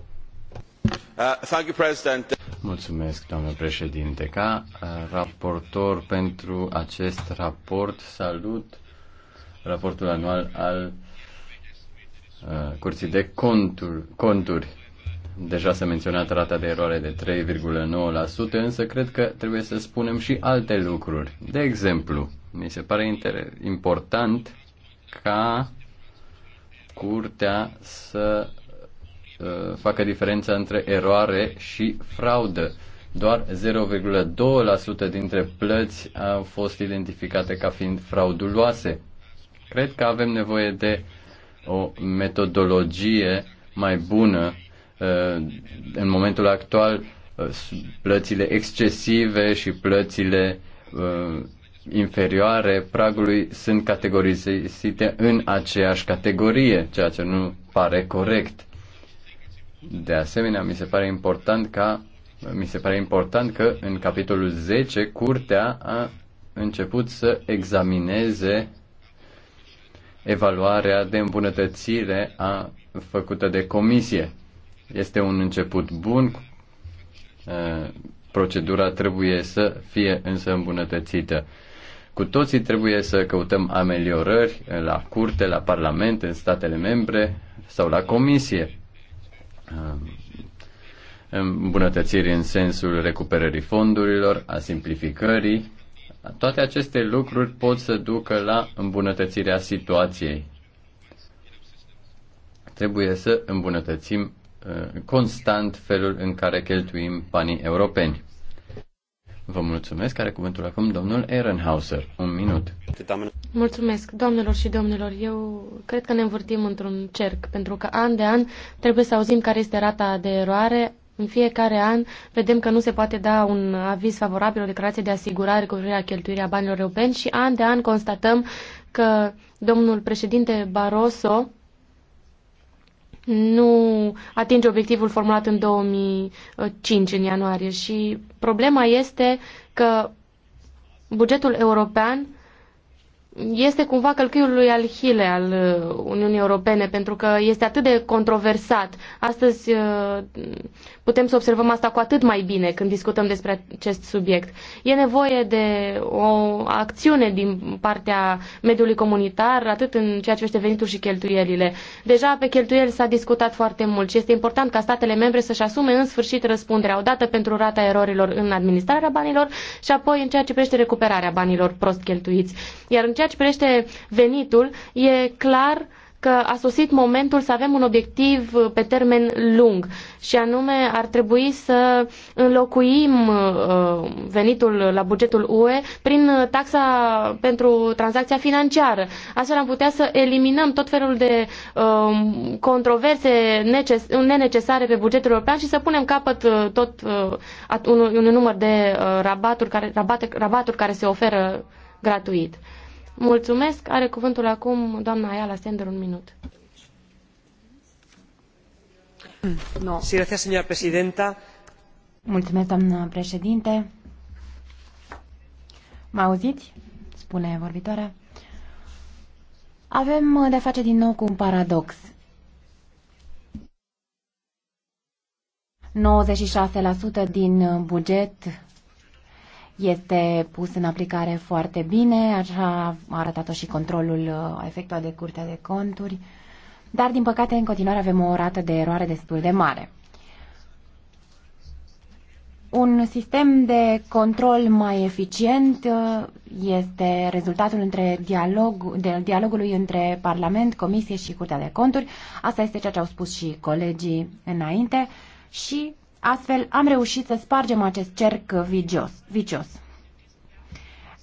Uh, Mulțumesc, doamnă președinte. Ca uh, raportor pentru acest raport, salut raportul anual al uh, Curții de conturi, conturi. Deja s-a menționat rata de eroare de 3,9%, însă cred că trebuie să spunem și alte lucruri. De exemplu, mi se pare important ca curtea să Uh, facă diferența între eroare și fraudă. Doar 0,2% dintre plăți au fost identificate ca fiind frauduloase. Cred că avem nevoie de o metodologie mai bună. Uh, în momentul actual, uh, plățile excesive și plățile inferioare pragului sunt categorizate în aceeași categorie, ceea ce nu pare corect. De asemenea, mi se pare important ca mi se pare important că în capitolul 10 curtea a început să examineze evaluarea de îmbunătățire a făcută de comisie. Este un început bun. Uh, procedura trebuie să fie însă îmbunătățită. Cu toții trebuie să căutăm ameliorări la curte, la parlament, în statele membre sau la comisie îmbunătățiri în sensul recuperării fondurilor, a simplificării. Toate aceste lucruri pot să ducă la îmbunătățirea situației. Trebuie să îmbunătățim uh, constant felul în care cheltuim banii europeni. Vă mulțumesc. Are cuvântul acum domnul Ehrenhauser. Un minut. Mulțumesc, domnilor și domnilor. Eu cred că ne învârtim într-un cerc, pentru că an de an trebuie să auzim care este rata de eroare. În fiecare an vedem că nu se poate da un aviz favorabil, o declarație de asigurare cu privire la cheltuirea banilor europeni și an de an constatăm că domnul președinte Barroso nu atinge obiectivul formulat în 2005, în ianuarie. Și problema este că bugetul european este cumva călcâiul lui al Hile uh, al Uniunii Europene, pentru că este atât de controversat. Astăzi uh, Putem să observăm asta cu atât mai bine când discutăm despre acest subiect. E nevoie de o acțiune din partea mediului comunitar, atât în ceea ce este venituri și cheltuielile. Deja pe cheltuieli s-a discutat foarte mult și este important ca statele membre să-și asume în sfârșit răspunderea odată pentru rata erorilor în administrarea banilor și apoi în ceea ce privește recuperarea banilor prost cheltuiți. Iar în ceea ce privește venitul, e clar că a sosit momentul să avem un obiectiv uh, pe termen lung și anume ar trebui să înlocuim uh, venitul la bugetul UE prin uh, taxa pentru tranzacția financiară. Astfel am putea să eliminăm tot felul de um, controverse nenecesare pe bugetul european și să punem capăt tot un număr de rabaturi care, rabaturi care se oferă gratuit. Mulțumesc. Are cuvântul acum doamna Ayala Sender un minut. No. Sí, gracias, señora presidenta. Mulțumesc, doamna președinte. Mă auziți? Spune vorbitoarea. Avem de face din nou cu un paradox. 96% din buget este pus în aplicare foarte bine, așa a arătat-o și controlul uh, efectuat de Curtea de Conturi, dar din păcate în continuare avem o rată de eroare destul de mare. Un sistem de control mai eficient uh, este rezultatul între dialog, de, dialogului între Parlament, Comisie și Curtea de Conturi. Asta este ceea ce au spus și colegii înainte și Astfel am reușit să spargem acest cerc vicios. vicios.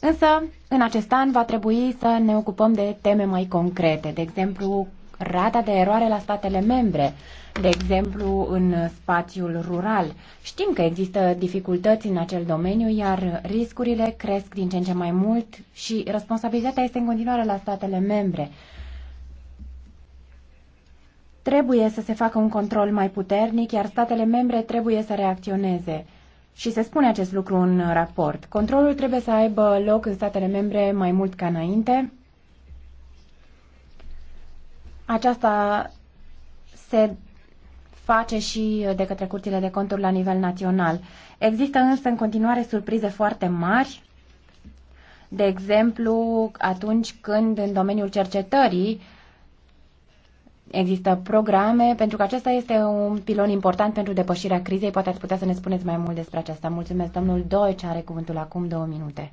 Însă, în acest an va trebui să ne ocupăm de teme mai concrete, de exemplu, rata de eroare la statele membre, de exemplu, în spațiul rural. Știm că există dificultăți în acel domeniu, iar riscurile cresc din ce în ce mai mult și responsabilitatea este în continuare la statele membre. Trebuie să se facă un control mai puternic, iar statele membre trebuie să reacționeze. Și se spune acest lucru în raport. Controlul trebuie să aibă loc în statele membre mai mult ca înainte. Aceasta se face și de către curțile de conturi la nivel național. Există însă în continuare surprize foarte mari, de exemplu atunci când în domeniul cercetării Există programe, pentru că acesta este un pilon important pentru depășirea crizei. Poate ați putea să ne spuneți mai mult despre aceasta. Mulțumesc, domnul Deutsch are cuvântul acum două minute.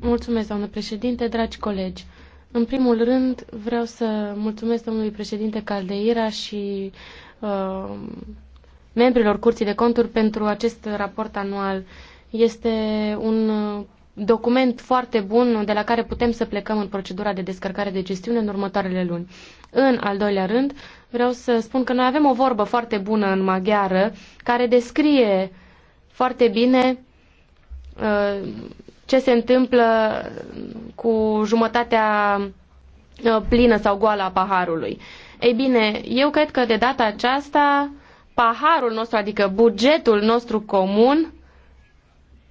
Mulțumesc, doamnă președinte, dragi colegi. În primul rând, vreau să mulțumesc domnului președinte Caldeira și uh, membrilor Curții de Conturi pentru acest raport anual. Este un document foarte bun de la care putem să plecăm în procedura de descărcare de gestiune în următoarele luni. În al doilea rând, vreau să spun că noi avem o vorbă foarte bună în maghiară care descrie foarte bine uh, ce se întâmplă cu jumătatea uh, plină sau goală a paharului. Ei bine, eu cred că de data aceasta paharul nostru, adică bugetul nostru comun,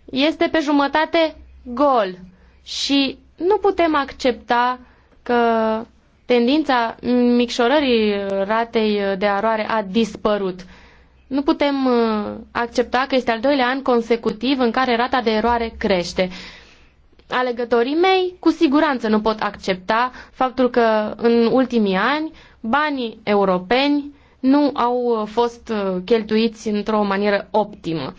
este pe jumătate gol și nu putem accepta că tendința micșorării ratei de eroare a dispărut. Nu putem uh, accepta că este al doilea an consecutiv în care rata de eroare crește. Alegătorii mei cu siguranță nu pot accepta faptul că în ultimii ani banii europeni nu au uh, fost uh, cheltuiți într-o manieră optimă.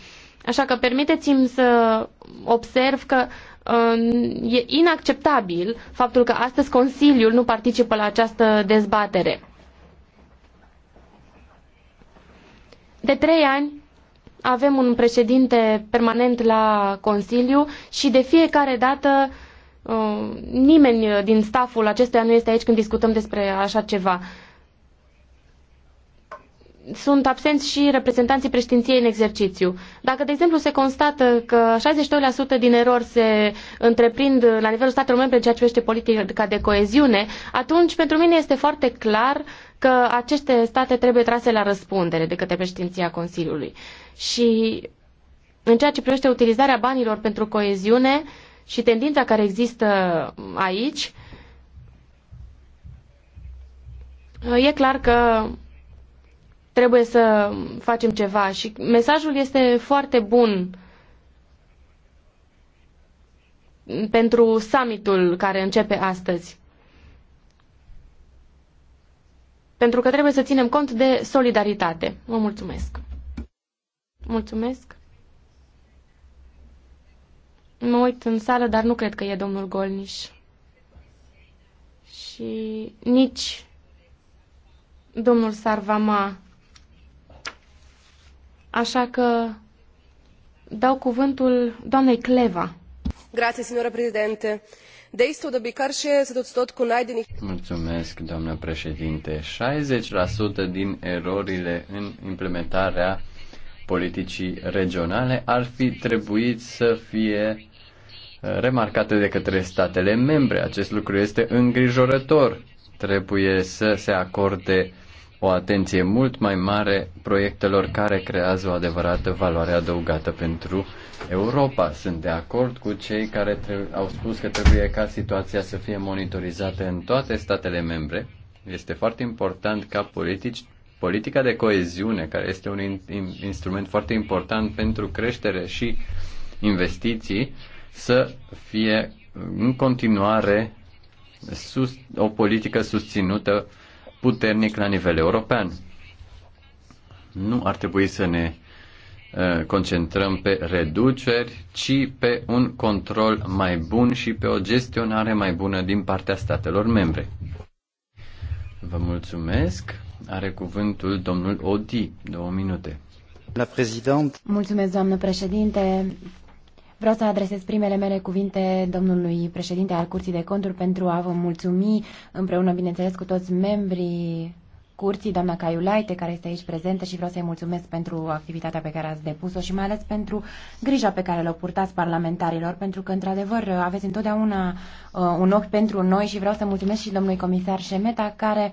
Așa că permiteți-mi să observ că uh, e inacceptabil faptul că astăzi Consiliul nu participă la această dezbatere. De trei ani avem un președinte permanent la Consiliu și de fiecare dată uh, nimeni din staful acestuia nu este aici când discutăm despre așa ceva sunt absenți și reprezentanții preștinției în exercițiu. Dacă, de exemplu, se constată că 62% din erori se întreprind la nivelul statelor membre în ceea ce privește politica de coeziune, atunci pentru mine este foarte clar că aceste state trebuie trase la răspundere de către preștinția Consiliului. Și în ceea ce privește utilizarea banilor pentru coeziune și tendința care există aici, e clar că trebuie să facem ceva și mesajul este foarte bun pentru summitul care începe astăzi. Pentru că trebuie să ținem cont de solidaritate. Vă mulțumesc. Mulțumesc. Mă uit în sală, dar nu cred că e domnul Golniș. Și nici domnul Sarvama Așa că dau cuvântul doamnei Cleva. Grație, signora Presidente. Mulțumesc, doamnă președinte. 60% din erorile în implementarea politicii regionale ar fi trebuit să fie uh, remarcate de către statele membre. Acest lucru este îngrijorător. Trebuie să se acorde o atenție mult mai mare proiectelor care creează o adevărată valoare adăugată pentru Europa. Sunt de acord cu cei care au spus că trebuie ca situația să fie monitorizată în toate statele membre. Este foarte important ca politici, politica de coeziune, care este un in, in, instrument foarte important pentru creștere și investiții, să fie în continuare sus, o politică susținută uh, puternic la nivel european. Nu ar trebui să ne uh, concentrăm pe reduceri, ci pe un control mai bun și pe o gestionare mai bună din partea statelor membre. Vă mulțumesc. Are cuvântul domnul Odi. Două minute. La Mulțumesc, doamnă președinte. Vreau să adresez primele mele cuvinte domnului președinte al Curții de Conturi pentru a vă mulțumi împreună, bineînțeles, cu toți membrii curții, doamna Caiulaite, care este aici prezentă și vreau să-i mulțumesc pentru activitatea pe care ați depus-o și mai ales pentru grija pe care l o purtați parlamentarilor, pentru că, într-adevăr, aveți întotdeauna uh, un ochi pentru noi și vreau să mulțumesc și domnului comisar Șemeta, care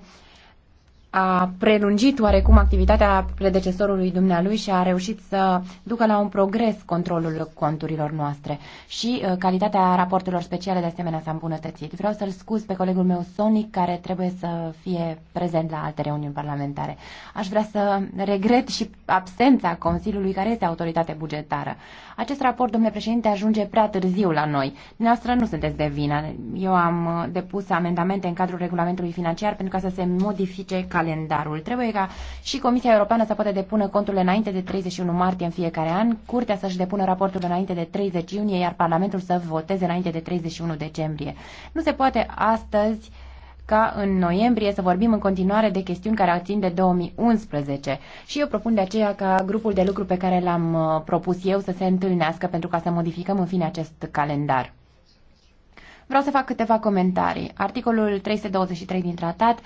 a prelungit oarecum activitatea predecesorului dumnealui și a reușit să ducă la un progres controlul conturilor noastre și uh, calitatea raporturilor speciale de asemenea s-a îmbunătățit. Vreau să-l scuz pe colegul meu Sonic care trebuie să fie prezent la alte reuniuni parlamentare. Aș vrea să regret și absența Consiliului care este autoritate bugetară. Acest raport, domnule președinte, ajunge prea târziu la noi. Noastră nu sunteți de vină. Eu am uh, depus amendamente în cadrul regulamentului financiar pentru ca să se modifice calendarul. Trebuie ca și Comisia Europeană să poată depune conturile înainte de 31 martie în fiecare an, Curtea să-și depună raportul înainte de 30 iunie, iar Parlamentul să voteze înainte de 31 decembrie. Nu se poate astăzi ca în noiembrie să vorbim în continuare de chestiuni care țin de 2011 și eu propun de aceea ca grupul de lucru pe care l-am uh, propus eu să se întâlnească pentru ca să modificăm în fine acest calendar. Vreau să fac câteva comentarii. Articolul 323 din tratat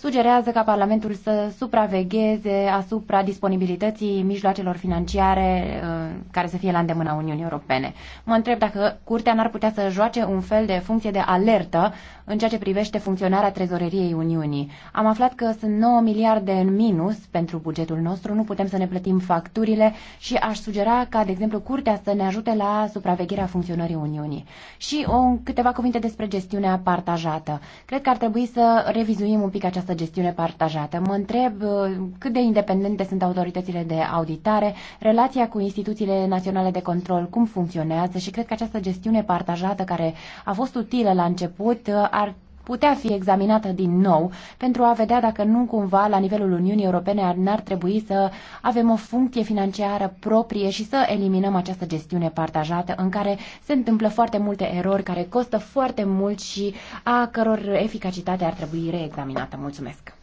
sugerează ca Parlamentul să supravegheze asupra disponibilității mijloacelor financiare uh, care să fie la îndemâna Uniunii Europene. Mă întreb dacă Curtea n-ar putea să joace un fel de funcție de alertă în ceea ce privește funcționarea trezoreriei Uniunii. Am aflat că sunt 9 miliarde în minus pentru bugetul nostru, nu putem să ne plătim facturile și aș sugera ca, de exemplu, Curtea să ne ajute la supravegherea funcționării Uniunii. Și o, câteva cuvinte despre gestiunea partajată. Cred că ar trebui să revizuim un pic această această gestiune partajată. Mă întreb uh, cât de independente sunt autoritățile de auditare, relația cu instituțiile naționale de control, cum funcționează și cred că această gestiune partajată care a fost utilă la început uh, ar putea fi examinată din nou pentru a vedea dacă nu cumva la nivelul Uniunii Europene n-ar trebui să avem o funcție financiară proprie și să eliminăm această gestiune partajată în care se întâmplă foarte multe erori care costă foarte mult și a căror eficacitate ar trebui reexaminată. Mulțumesc!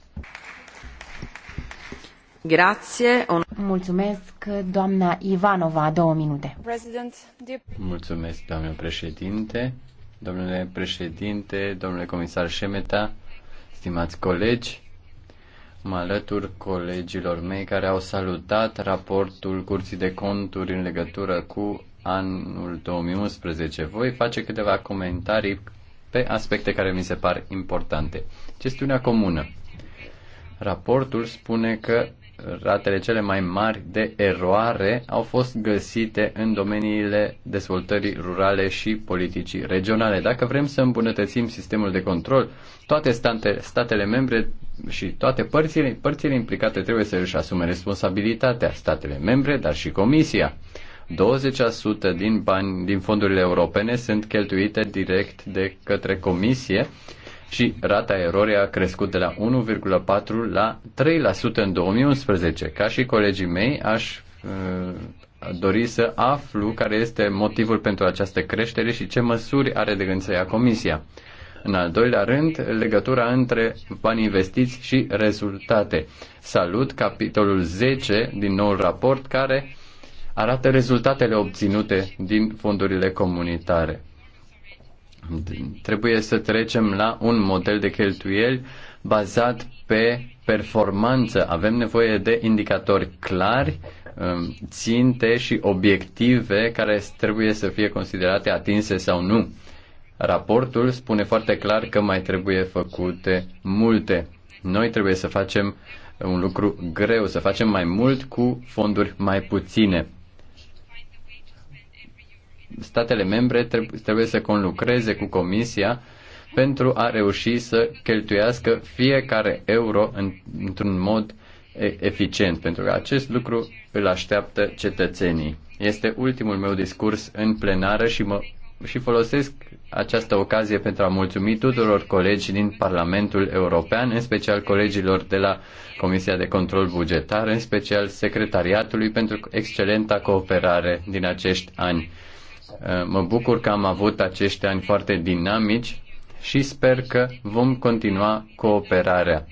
Grazie. Mulțumesc, doamna Ivanova, două minute. Mulțumesc, doamnă președinte domnule președinte, domnule comisar Șemeta, stimați colegi, mă alătur colegilor mei care au salutat raportul Curții de Conturi în legătură cu anul 2011. Voi face câteva comentarii pe aspecte care mi se par importante. Chestiunea comună. Raportul spune că ratele cele mai mari de eroare au fost găsite în domeniile dezvoltării rurale și politicii regionale. Dacă vrem să îmbunătățim sistemul de control, toate state, statele membre și toate părțile, părțile implicate trebuie să își asume responsabilitatea, statele membre, dar și Comisia. 20% din bani din fondurile europene sunt cheltuite direct de către Comisie și rata erorii a crescut de la 1,4 la 3% în 2011. Ca și colegii mei, aș uh, dori să aflu care este motivul pentru această creștere și ce măsuri are de gând să ia Comisia. În al doilea rând, legătura între bani investiți și rezultate. Salut capitolul 10 din noul raport care arată rezultatele obținute din fondurile comunitare Trebuie să trecem la un model de cheltuieli bazat pe performanță. Avem nevoie de indicatori clari, um, ținte și obiective care trebuie să fie considerate atinse sau nu. Raportul spune foarte clar că mai trebuie făcute multe. Noi trebuie să facem un lucru greu, să facem mai mult cu fonduri mai puține statele membre trebuie să conlucreze cu Comisia pentru a reuși să cheltuiască fiecare euro într-un mod eficient, pentru că acest lucru îl așteaptă cetățenii. Este ultimul meu discurs în plenară și, mă, și folosesc această ocazie pentru a mulțumi tuturor colegi din Parlamentul European, în special colegilor de la Comisia de Control Bugetar, în special secretariatului pentru excelenta cooperare din acești ani. Eh, mă bucur că am avut acești ani foarte dinamici și sper că vom continua cooperarea.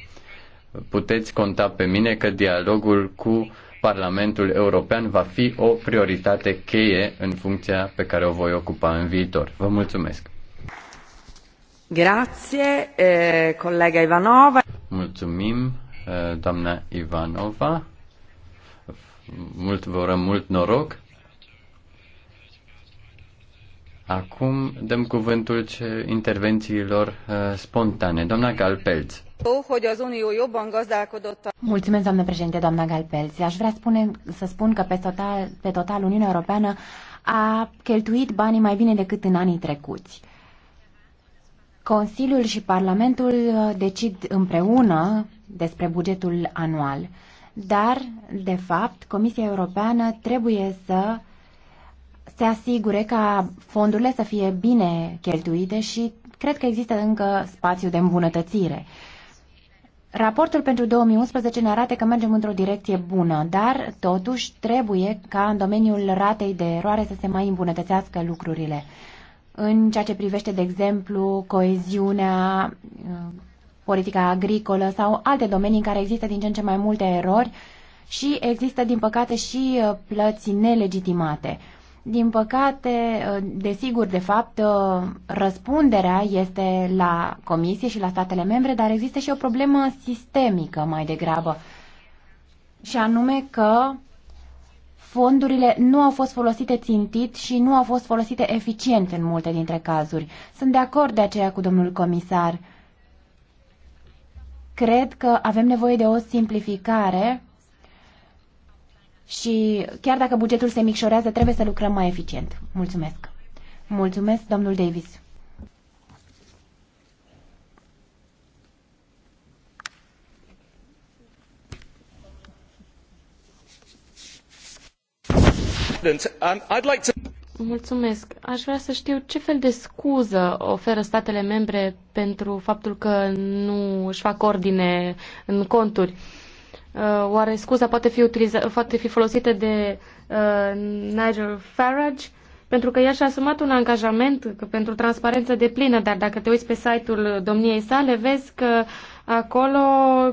Puteți conta pe mine că dialogul cu Parlamentul European va fi o prioritate cheie în funcția pe care o voi ocupa în viitor. Vă mulțumesc! Grazie, eh, colega Ivanova. Mulțumim, eh, doamna Ivanova. Mult vă urăm mult noroc. Acum dăm cuvântul ce intervențiilor uh, spontane. Doamna Galpelț. Mulțumesc, doamnă președinte, doamna Galpelț. Aș vrea spune, să spun că pe total, pe total Uniunea Europeană a cheltuit banii mai bine decât în anii trecuți. Consiliul și Parlamentul uh, decid împreună despre bugetul anual, dar, de fapt, Comisia Europeană trebuie să se asigure ca fondurile să fie bine cheltuite și cred că există încă spațiu de îmbunătățire. Raportul pentru 2011 ne arată că mergem într-o direcție bună, dar totuși trebuie ca în domeniul ratei de eroare să se mai îmbunătățească lucrurile. În ceea ce privește, de exemplu, coeziunea, uh, politica agricolă sau alte domenii în care există din ce în ce mai multe erori și există, din păcate, și uh, plăți nelegitimate. Din păcate, ă, desigur, de fapt, ă, răspunderea este la Comisie și la statele membre, dar există și o problemă sistemică mai degrabă, și anume că fondurile nu au fost folosite țintit și nu au fost folosite eficient în multe dintre cazuri. Sunt de acord de aceea cu domnul comisar. Cred că avem nevoie de o simplificare și chiar dacă bugetul se micșorează, trebuie să lucrăm mai eficient. Mulțumesc. Mulțumesc, domnul Davis. Mulțumesc. Aș vrea să știu ce fel de scuză oferă statele membre pentru faptul că nu își fac ordine în conturi. Uh, Uh, oare scuza poate fi, utiliza, poate fi folosită de uh, Nigel Farage? Pentru că ea și-a asumat un angajament pentru transparență de plină, dar dacă te uiți pe site-ul domniei sale, vezi că Acolo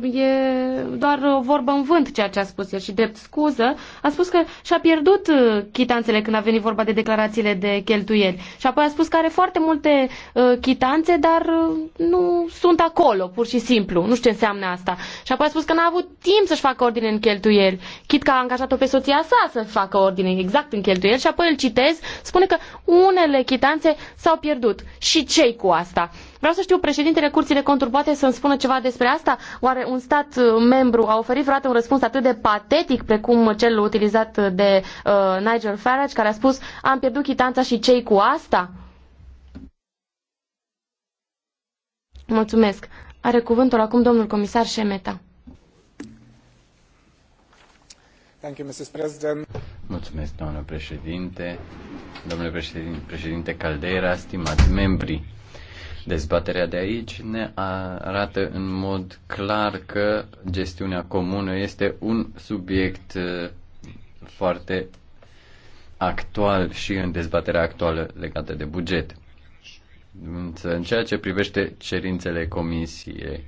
e doar o vorbă în vânt ceea ce a spus el și drept scuză a spus că și-a pierdut uh, chitanțele când a venit vorba de declarațiile de cheltuieli și apoi a spus că are foarte multe uh, chitanțe, dar uh, nu sunt acolo, pur și simplu. Nu știu ce înseamnă asta. Și apoi a spus că n-a avut timp să-și facă ordine în cheltuieli. Chit că a angajat-o pe soția sa să facă ordine exact în cheltuieli și apoi îl citez, spune că unele chitanțe s-au pierdut. Și cei cu asta? Vreau să știu, președintele Curții de Conturi poate să-mi spună ceva despre asta? Oare un stat uh, membru a oferit vreodată un răspuns atât de patetic precum cel utilizat de uh, Nigel Farage, care a spus am pierdut chitanța și cei cu asta? Mulțumesc. Are cuvântul acum domnul comisar Șemeta. Thank you, Mrs. President. Mulțumesc, doamnă președinte, domnule președinte, președinte Caldera, stimați membri. Dezbaterea de aici ne arată în mod clar că gestiunea comună este un subiect uh, foarte actual și în dezbaterea actuală legată de buget. Însă, în ceea ce privește cerințele comisiei,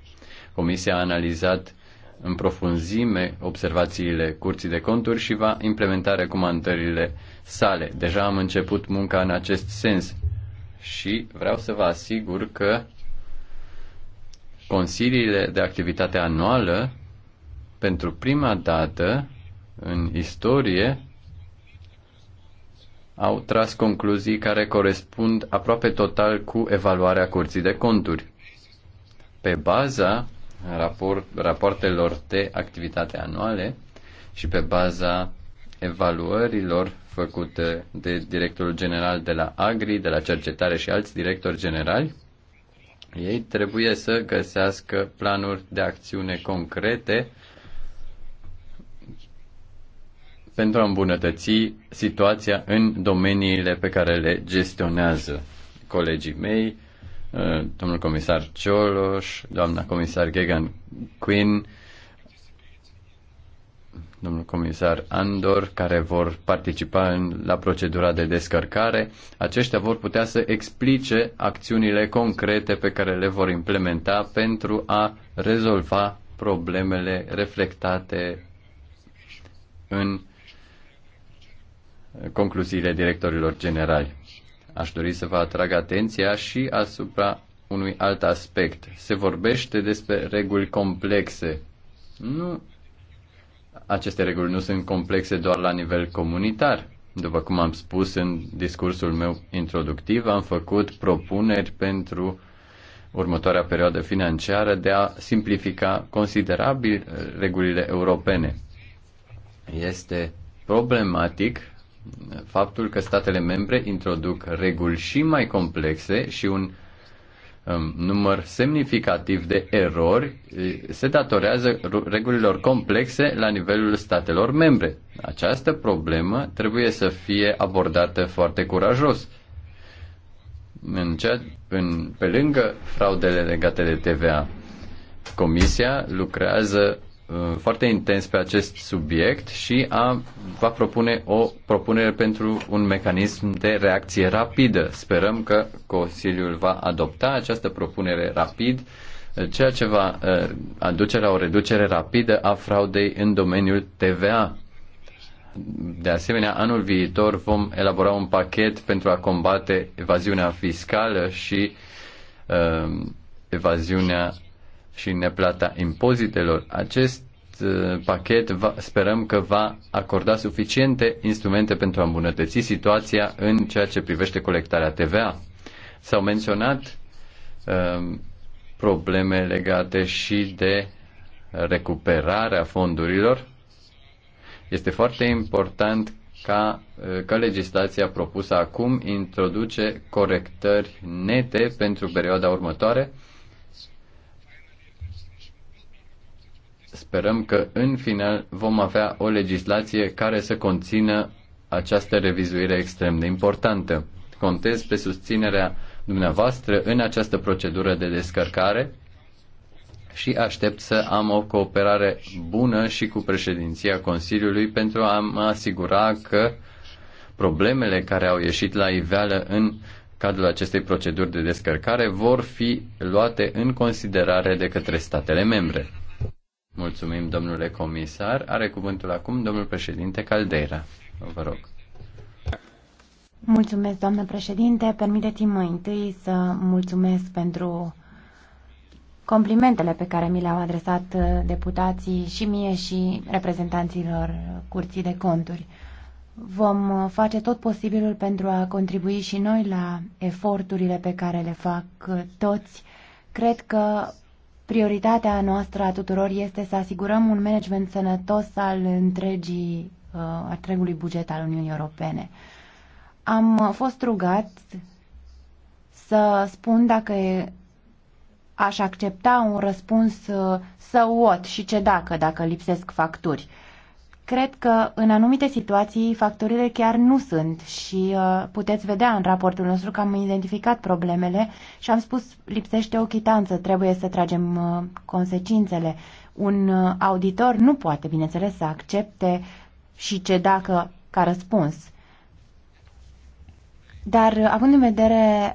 comisia a analizat în profunzime observațiile curții de conturi și va implementa recomandările sale. Deja am început munca în acest sens și vreau să vă asigur că consiliile de activitate anuală, pentru prima dată în istorie, au tras concluzii care corespund aproape total cu evaluarea curții de conturi. Pe baza rapoartelor de activitate anuale și pe baza evaluărilor făcut de directorul general de la Agri, de la cercetare și alți directori generali. Ei trebuie să găsească planuri de acțiune concrete pentru a îmbunătăți situația în domeniile pe care le gestionează colegii mei, eh, domnul comisar Cioloș, doamna comisar Gegan Quinn, domnul comisar Andor, care vor participa în, la procedura de descărcare. Aceștia vor putea să explice acțiunile concrete pe care le vor implementa pentru a rezolva problemele reflectate în concluziile directorilor generali. Aș dori să vă atrag atenția și asupra unui alt aspect. Se vorbește despre reguli complexe. Nu aceste reguli nu sunt complexe doar la nivel comunitar. După cum am spus în discursul meu introductiv, am făcut propuneri pentru următoarea perioadă financiară de a simplifica considerabil eh, regulile europene. Este problematic eh, faptul că statele membre introduc reguli și mai complexe și un uh, Um, număr semnificativ de erori se datorează regulilor complexe la nivelul statelor membre. Această problemă trebuie să fie abordată foarte curajos. În cea, în, pe lângă fraudele legate de TVA, Comisia lucrează Uh, foarte intens pe acest subiect și a, va propune o propunere pentru un mecanism de reacție rapidă. Sperăm că Consiliul va adopta această propunere rapid, uh, ceea ce va uh, aduce la o reducere rapidă a fraudei în domeniul TVA. De asemenea, anul viitor vom elabora un pachet pentru a combate evaziunea fiscală și uh, evaziunea și neplata impozitelor. Acest uh, pachet va, sperăm că va acorda suficiente instrumente pentru a îmbunătăți situația în ceea ce privește colectarea TVA. S-au menționat uh, probleme legate și de recuperarea fondurilor. Este foarte important ca, uh, că legislația propusă acum introduce corectări nete pentru perioada următoare Sperăm că în final vom avea o legislație care să conțină această revizuire extrem de importantă. Contez pe susținerea dumneavoastră în această procedură de descărcare și aștept să am o cooperare bună și cu președinția Consiliului pentru a mă asigura că problemele care au ieșit la iveală în cadrul acestei proceduri de descărcare vor fi luate în considerare de către statele membre. Mulțumim, domnule comisar. Are cuvântul acum domnul președinte Caldeira. Vă rog. Mulțumesc, doamnă președinte. Permiteți-mi mai întâi să mulțumesc pentru complimentele pe care mi le-au adresat uh, deputații și mie și reprezentanților Curții de Conturi. Vom uh, face tot posibilul pentru a contribui și noi la eforturile pe care le fac uh, toți. Cred că Prioritatea noastră a tuturor este să asigurăm un management sănătos al întregii, uh, întregului buget al Uniunii Europene. Am fost rugat să spun dacă aș accepta un răspuns uh, să what și ce dacă, dacă lipsesc facturi. Uh, Cred că în anumite situații factorile chiar nu sunt și uh, puteți vedea în raportul nostru că am identificat problemele și am spus lipsește o chitanță, trebuie să tragem uh, consecințele. Un uh, auditor nu poate, bineînțeles, să accepte și ce dacă ca răspuns. Dar uh, având în vedere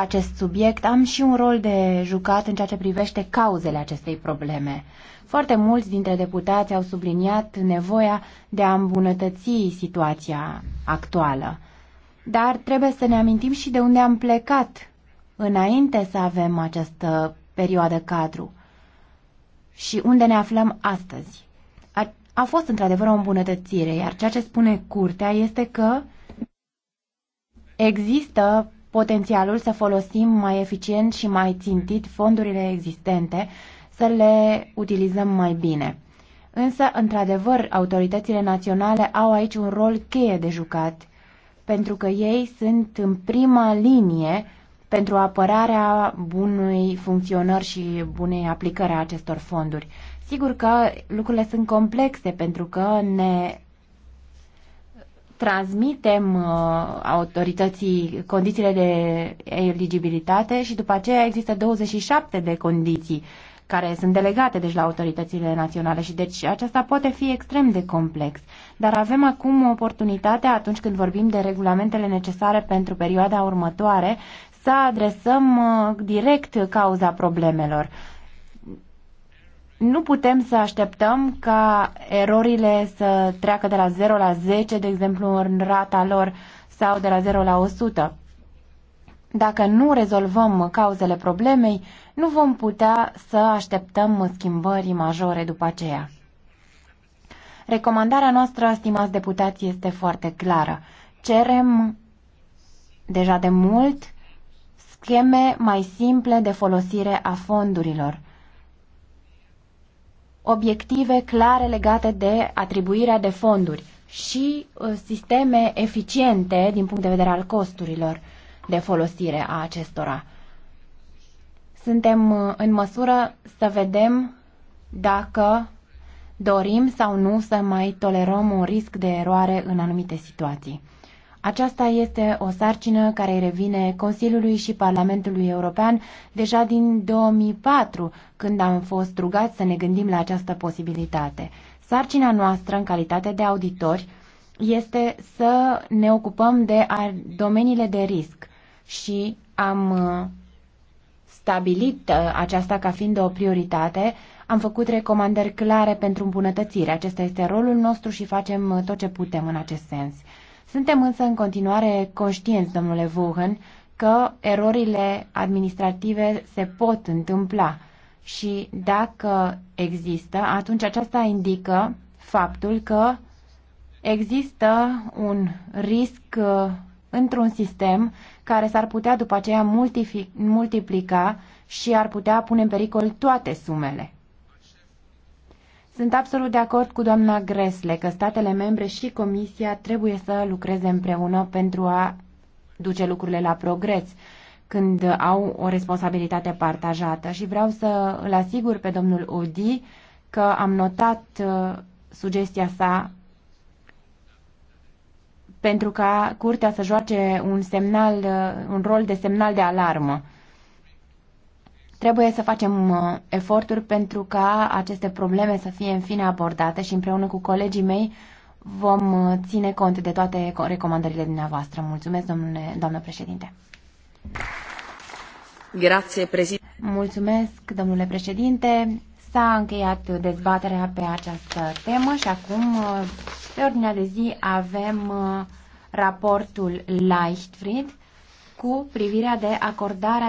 acest subiect, am și un rol de jucat în ceea ce privește cauzele acestei probleme. Foarte mulți dintre deputați au subliniat nevoia de a îmbunătăți situația actuală. Dar trebuie să ne amintim și de unde am plecat înainte să avem această perioadă cadru și unde ne aflăm astăzi. A, a fost într-adevăr o îmbunătățire, iar ceea ce spune curtea este că există potențialul să folosim mai eficient și mai țintit fondurile existente, să le utilizăm mai bine. Însă, într-adevăr, autoritățile naționale au aici un rol cheie de jucat, pentru că ei sunt în prima linie pentru apărarea bunui funcționări și bunei aplicări a acestor fonduri. Sigur că lucrurile sunt complexe pentru că ne transmitem uh, autorității condițiile de eligibilitate și după aceea există 27 de condiții care sunt delegate deci la autoritățile naționale și deci aceasta poate fi extrem de complex. Dar avem acum oportunitatea atunci când vorbim de regulamentele necesare pentru perioada următoare să adresăm uh, direct cauza problemelor. Uh, nu putem să așteptăm ca erorile să treacă de la 0 la 10, de exemplu, în rata lor, sau de la 0 la 100. Dacă nu rezolvăm cauzele problemei, nu vom putea să așteptăm schimbări majore după aceea. Recomandarea noastră, stimați deputați, este foarte clară. Cerem deja de mult scheme mai simple de folosire a fondurilor obiective clare legate de atribuirea de fonduri și uh, sisteme eficiente din punct de vedere al costurilor de folosire a acestora. Suntem uh, în măsură să vedem dacă dorim sau nu să mai tolerăm un risc de eroare în anumite situații. Aceasta este o sarcină care revine Consiliului și Parlamentului European deja din 2004, când am fost rugați să ne gândim la această posibilitate. Sarcina noastră, în calitate de auditori, este să ne ocupăm de domeniile de risc și am uh, stabilit uh, aceasta ca fiind o prioritate. Am făcut recomandări clare pentru îmbunătățire. Acesta este rolul nostru și facem uh, tot ce putem în acest sens. Suntem însă în continuare conștienți, domnule Vaughan, că erorile administrative se pot întâmpla și dacă există, atunci aceasta indică faptul că există un risc uh, într-un sistem care s-ar putea după aceea multiplica și ar putea pune în pericol toate sumele. Sunt absolut de acord cu doamna Gresle că statele membre și Comisia trebuie să lucreze împreună pentru a duce lucrurile la progres când au o responsabilitate partajată și vreau să îl asigur pe domnul Odi că am notat uh, sugestia sa pentru ca curtea să joace un semnal, uh, un rol de semnal de alarmă. Trebuie să facem uh, eforturi pentru ca aceste probleme să fie în fine abordate și împreună cu colegii mei vom uh, ține cont de toate recomandările dumneavoastră. Mulțumesc, domnule, doamnă președinte. Grație, Mulțumesc, domnule președinte. S-a încheiat dezbaterea pe această temă și acum, uh, pe ordinea de zi, avem raportul Leichtfried cu privirea de acordarea